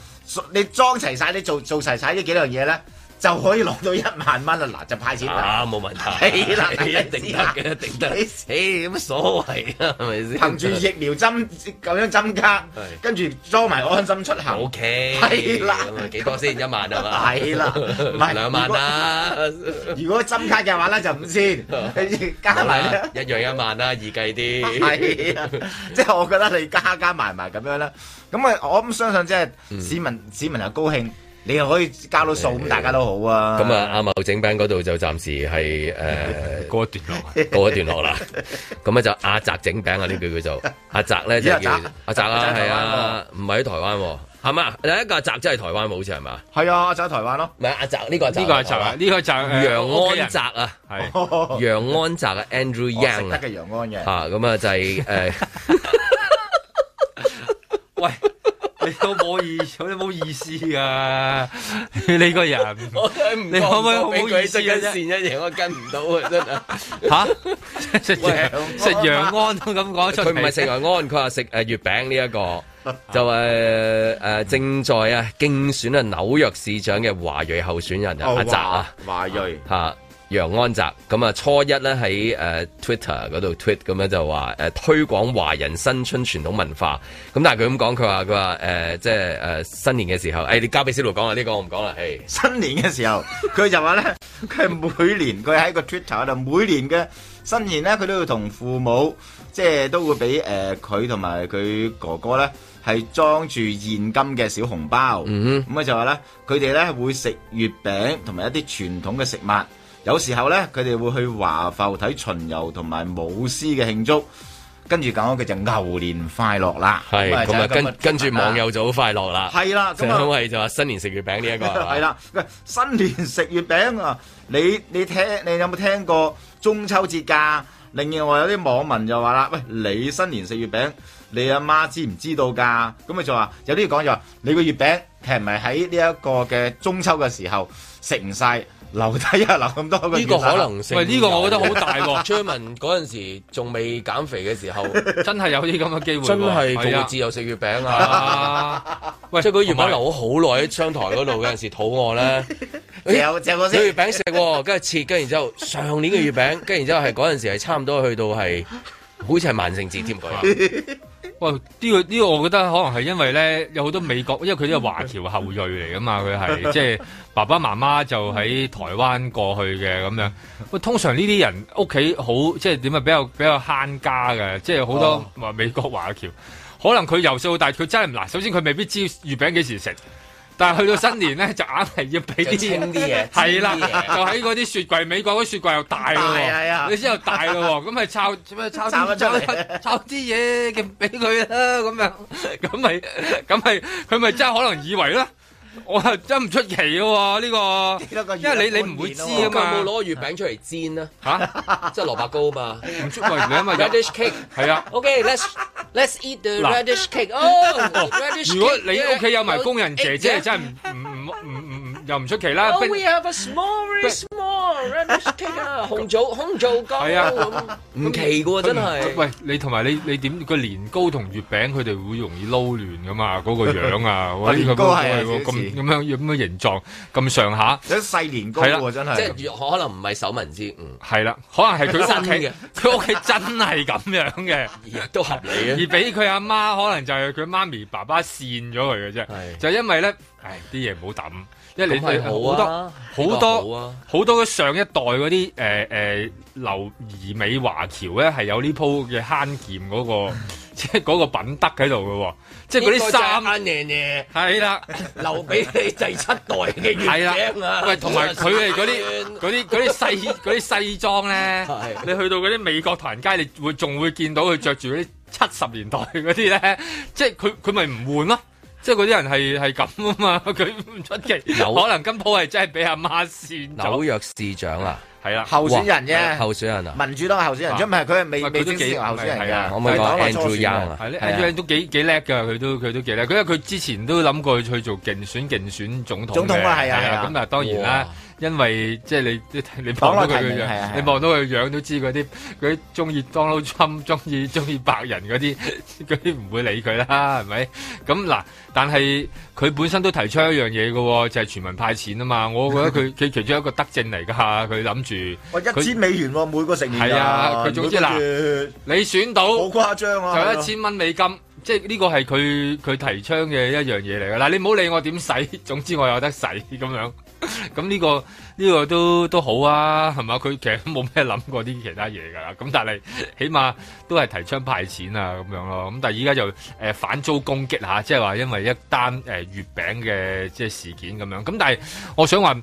你裝齊晒，你做做齊晒呢幾樣嘢咧，就可以攞到一萬蚊啦！嗱，就派錢啦，冇、啊、問題、啊，係啦， 一定得嘅，一定得。哎死，有乜所謂啊？係咪先？憑住疫苗針咁樣針卡，跟住是裝埋安心出行。O K，係啦，幾多先？ 一萬啊嘛？係啦， 唔係，兩萬啦了。如果針卡嘅話咧，就五千， 加埋啦了。 一樣一萬啦、啊，易計啲。係 啊，即係我覺得你加加埋埋咁樣啦，咁啊，我咁相信即係市民，市民又高興。你又可以交到數咁，大家都好啊。咁啊，阿茂整餅嗰度就暫時係誒過一段落，過一段落啦。咁啊，就阿澤整餅啊，呢句叫做阿澤咧，就叫阿澤啊，係啊，唔係喺台灣喎。係嘛，另一個澤真係台灣喎，好似係嘛？係啊，就喺台灣咯。唔係阿澤呢個，呢個係澤，呢個澤楊安澤啊，係楊安澤啊，Andrew Yang 得嘅楊安嘅。嚇咁啊，就係誒喂。都冇意，好冇意思噶你個人。你可唔可以好意思一線一嘢，我跟唔到啊！真係，嚇食羊？食羊安都咁講出嚟。佢唔係食羊安，佢話食誒月餅呢一個，就係誒正在啊競選啊紐約市長嘅華裔候選人阿澤啊。華裔嚇。楊安澤咁啊、嗯，初一咧喺誒 Twitter 嗰度 tweet 咁樣就話誒、呃、推廣華人新春傳統文化。咁但係佢咁講，佢話佢話誒即係誒新年嘅時候，誒、哎、你交俾小盧講啦，呢、呢個我唔講啦。哎、新年嘅時候，佢就話咧，佢 每年佢喺個 Twitter 咧，每年嘅新年咧，佢都要同父母即係、就是、都會俾誒佢同埋佢哥哥咧係裝住現金嘅小紅包。咁啊、嗯、哼就話咧，佢哋咧會食月餅同埋一啲傳統嘅食物。有時候咧，佢哋會去華埠睇巡遊同埋舞獅嘅慶祝，跟住講佢就牛年快樂啦。係咁啊，嗯、以跟跟住網友就好快樂啦。係啦、嗯，咁啊的，因為就話新年食月餅呢一個係啦，新年食月餅啊，你你聽，你有冇聽過中秋節㗎？另外有啲網民就話啦，喂，你新年食月餅，你阿媽知唔知道㗎？咁咪就話有啲講就話，你個月餅係唔係喺呢一個嘅中秋嘅時候食唔晒？」留低啊！留咁多呢個可能性，喂！呢、這個我覺得好大喎。Jermen 嗰時仲未減肥嘅時候， 真係有啲咁嘅機會，真係自由食月餅啊！喂，即係嗰月餅留咗好耐喺商台嗰度，有陣時肚餓咧，有借我先。月餅食，跟住切，跟住之後，然後上年嘅月餅，跟住之後係嗰陣時係差唔多去到係，好似係萬聖節添喂，呢個呢個，這個、我覺得可能係因為咧，有好多美國，因為佢啲華僑後裔嚟噶嘛，佢係即係爸爸媽媽就喺台灣過去嘅咁樣。喂，通常呢啲人屋企好即係點啊？比較比較慳家嘅，即係好多、話、美國華僑，可能佢由細到大佢真係唔嗱。首先佢未必知月餅幾時食。但係去到新年咧，啊、哈哈就硬係要俾啲錢啲嘢，係 啦， 就喺嗰啲雪櫃，美國嗰啲雪櫃又大喎，大啊、你知又大咯喎，咁咪抄，咁咪抄，抄啲嘢嘅俾佢啦，咁 樣，咁咪，咁咪，佢咪真係可能以為啦。我係真唔出奇喎呢個，因為你你唔會知啊嘛。冇攞個月餅出嚟煎啊？吓？即係蘿蔔糕嘛。唔出奇啊嘛。Radish cake 係啊。OK，let's let's eat the radish cake。哦。如果你屋企有埋工人姐姐，真係唔唔唔唔。又唔出奇啦，紅棗、紅棗糕，唔奇嘅真係。喂，你同埋你你點個年糕同月餅佢哋會容易撈亂㗎嘛？嗰個樣啊，呢個咁咁樣咁嘅形狀咁上下，一細年糕真係，即係可能唔係手民之，嗯，係啦，可能係佢真嘅，佢屋企真係咁樣嘅，而都合理啊。而俾佢阿媽可能就係佢媽咪爸爸扇咗佢嘅啫，就因為咧，唉，啲嘢唔好抌。即係你係好、啊、多好、啊、多好多嘅上一代嗰啲誒誒留移美華僑咧，係有呢鋪嘅慳儉嗰個，即係嗰個品德喺度嘅喎，即係嗰啲衫嘢嘢，係啦，啊、 留俾你第七代嘅嘢、啊。係啦、 啊，喂，同埋佢哋嗰啲嗰啲嗰啲西啲西裝咧， 啊、你去到嗰啲美國唐人街，你會仲會見到佢着住嗰啲七十年代嗰啲咧，即係佢佢咪唔換咯？即係嗰啲人係係咁啊嘛，佢唔出奇，可能今鋪係真係俾阿媽先，紐約市長啊，係啦，候選人啫，候選人啊，民主黨候選人，即係唔係佢係未未正式候選人啊。我唔係講錯事啊。係咧，Andrew 都幾幾叻噶，佢都佢都幾叻。因為佢之前都諗過去做競選競選總統。總統啊，係啊，咁啊，當然啦。因為即係你你望到佢嘅樣，你望到佢樣，樣都知嗰啲嗰啲中意 d o n a 中意中意白人嗰啲嗰啲唔會理佢啦，係咪？咁嗱，但係佢本身都提倡一樣嘢嘅，就係、是、全民派錢啊嘛。我覺得佢佢 其中一個德政嚟噶吓，佢諗住。我 他一千美元、啊、每個成員、啊，佢、啊、總之嗱個，你選到好誇張啊！就一千蚊美金，啊、即係呢個係佢佢提倡嘅一樣嘢嚟噶。嗱，你唔好理我點使，總之我有得使咁樣。咁呢、 這個呢、這個都都好啊，係咪？佢其實冇咩諗過啲其他嘢噶，咁但係起碼都係提倡派錢啊咁樣咯。咁但係而家就誒、呃、反遭攻擊吓，即係話因為一單誒、呃、月餅嘅即係事件咁樣。咁但係我想話。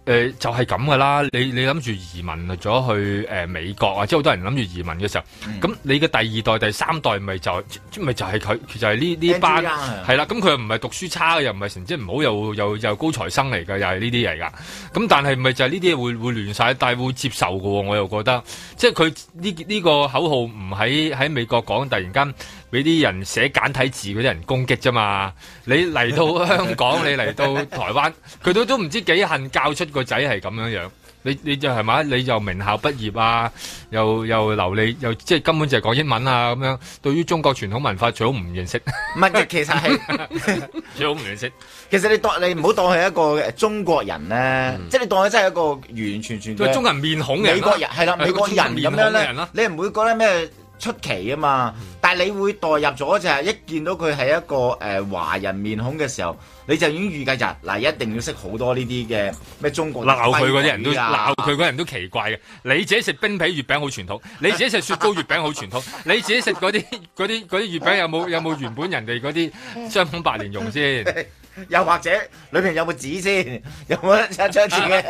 誒、呃、就係咁噶啦，你你諗住移民咗去誒、呃、美國啊，即係好多人諗住移民嘅時候，咁、嗯、你嘅第二代、第三代咪就咪就係佢，其實就係呢呢班係啦，咁佢、啊嗯、又唔係讀書差嘅，又唔係成績唔好，又又又高材生嚟嘅，又係呢啲嚟噶，咁但係咪就係呢啲嘢會會亂曬，但係會，會，會，會接受嘅喎，我又覺得，即係佢呢呢個口號唔喺喺美國講，突然間。俾啲人寫簡體字嗰啲人攻擊啫嘛！你嚟到香港，你嚟到台灣，佢都都唔知幾恨教出個仔係咁樣樣。你你就係嘛？你又名校畢業啊，又又流利，又即係根本就係講英文啊咁樣。對於中國傳統文化，最好唔認識？唔係嘅，其實係最好唔認識。其實你當你唔好當佢係一個中國人咧，即係你當佢真係一個完完全全都中國人面孔嘅美國人係啦，美國人咁樣咧，你唔會覺得咩出奇啊嘛？但你會代入咗，就係一見到佢係一個誒、呃、華人面孔嘅時候，你就已經預計就，嗱，一定要識好多呢啲嘅，咩中國人鬧佢嗰啲人，都鬧佢嗰人都奇怪嘅。你自己食冰皮月餅好傳統，你自己食雪糕月餅好傳統， 你自己食嗰啲啲啲月餅有冇有冇原本人哋嗰啲雙黃白蓮蓉先？又或者裏邊有冇紙先？有冇一張紙嘅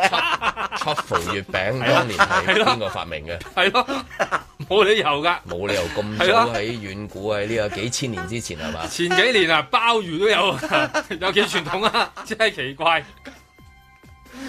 ？Truffle 月餅當年係邊個發明嘅？係咯 是、啊。 冇理由噶，冇 理由咁早喺遠古啊！呢、這個幾千年之前係嘛？ 前幾年啊，鮑魚都有，有 幾傳統啊，真係奇怪。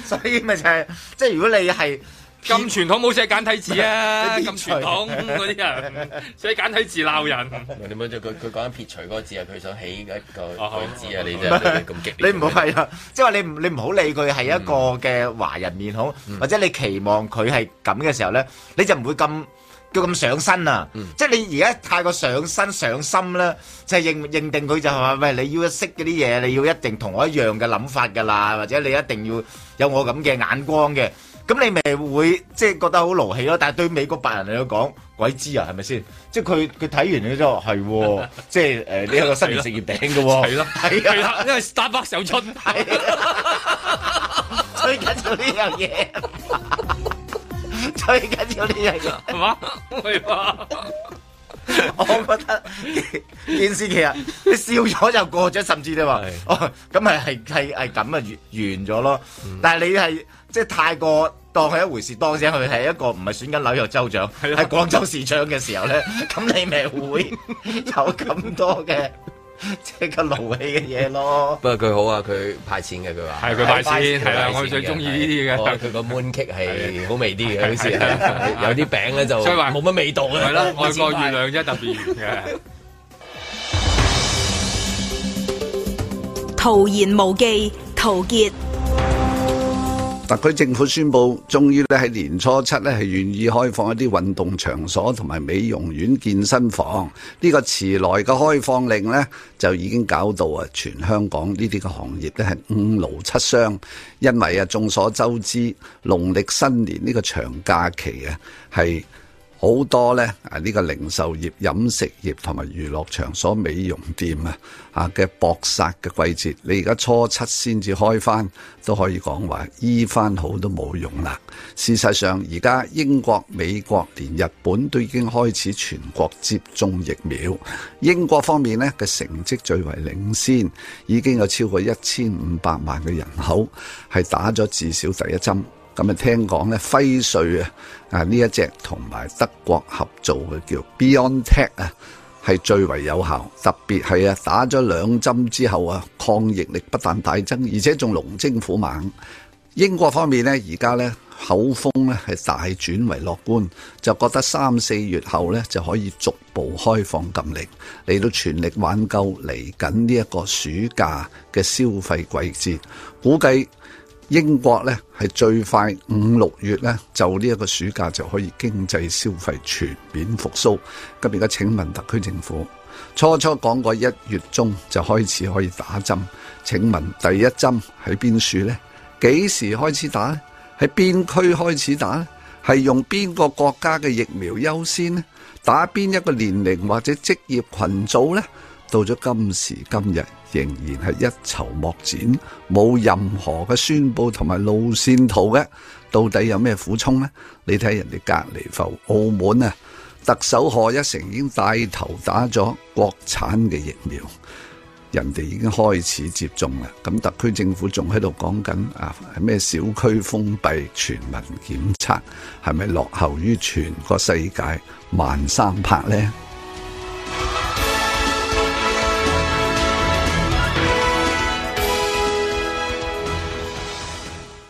所以咪就係、是，即係如果你係咁傳統，冇寫簡體字啊！咁 必須 傳統嗰啲人，所以寫簡體字鬧人。 你唔好佢佢講撇除嗰個字啊，佢想起一個， 個字啊，你就咁、是、激 烈 你、就是你。你唔好係啊，即係話你唔你唔好理佢係一個嘅華人面孔， 或者你期望佢係咁嘅時候咧，你就唔會咁。叫咁上身啊！即係你而家太過上身上心咧，即係認認定佢就話，喂，你要識嗰啲嘢，你要一定同我一樣嘅諗法噶啦，或者你一定要有我咁嘅眼光嘅。咁你咪會即係覺得好勞氣咯。但係對美國白人嚟講，鬼知啊，係咪先？即係佢佢睇完咗之後，係，即係誒，你有個新年食月餅嘅喎。係咯，係啊，因為 Starbucks 手信，最緊做呢樣嘢。最緊要呢樣嘢，唔係嘛？ 我覺得件事其實你笑咗就過咗，甚至你話哦，咁咪係係係咁啊，完完咗咯。但係你係即係太過當係一回事，當成佢係一個唔係選緊紐約州長，喺的廣州市長嘅時候咧，咁你咪會有咁多嘅。即係個勞氣嘅嘢咯，不過佢好啊，佢派錢嘅佢話，係佢派錢，係啦，我最中意呢啲嘅，佢個 moon cake 係好味啲嘅，有時有啲餅咧就，所以話冇乜味道啊，外國月亮啫，特別圓嘅。徒言無忌，陶傑。特區政府宣布，終於咧喺年初七咧係願意開放一啲運動場所同埋美容院、健身房。呢、這個遲來嘅開放令呢，就已經搞到啊，全香港呢啲嘅行業咧係五勞七傷，因為啊，眾所周知農曆新年呢個長假期啊係。好多呢，啊！呢個零售業、飲食業同埋娛樂場所、美容店啊啊嘅搏殺嘅季節，你而家初七先至開翻，都可以講話醫翻好都冇用啦。事實上，而家英國、美國連日本都已經開始全國接種疫苗。英國方面呢嘅成績最為領先，已經有超過一千五百萬嘅人口係打咗至少第一針。咁啊，聽講咧，輝瑞啊，啊呢一隻同埋德國合作嘅叫 BioNTech 啊，係最為有效，特別係啊，打咗兩針之後啊，抗疫力不但大增，而且仲龍精虎猛。英國方面咧，而家咧，口風咧係大轉為樂觀，就覺得三四月後咧就可以逐步開放禁令，嚟到全力挽救嚟緊呢一個暑假嘅消費季節，估計。英國咧係最快五六月咧就呢一個暑假就可以經濟消費全面復甦。咁而家請問特區政府，初初講過一月中就開始可以打針。請問第一針喺邊處呢？幾時開始打呢？喺邊區開始打呢？係用邊個國家嘅疫苗優先呢？打邊一個年齡或者職業群組呢？到咗今時今日，仍然係一籌莫展，冇任何嘅宣布同埋路線圖嘅。到底有咩苦衷呢？你睇人哋隔籬埠澳門啊，特首賀一誠已經帶頭打咗國產嘅疫苗，人哋已經開始接種啦。咁特區政府仲喺度講緊啊，咩小區封閉、全民檢測，係咪落後於全個世界慢三拍呢？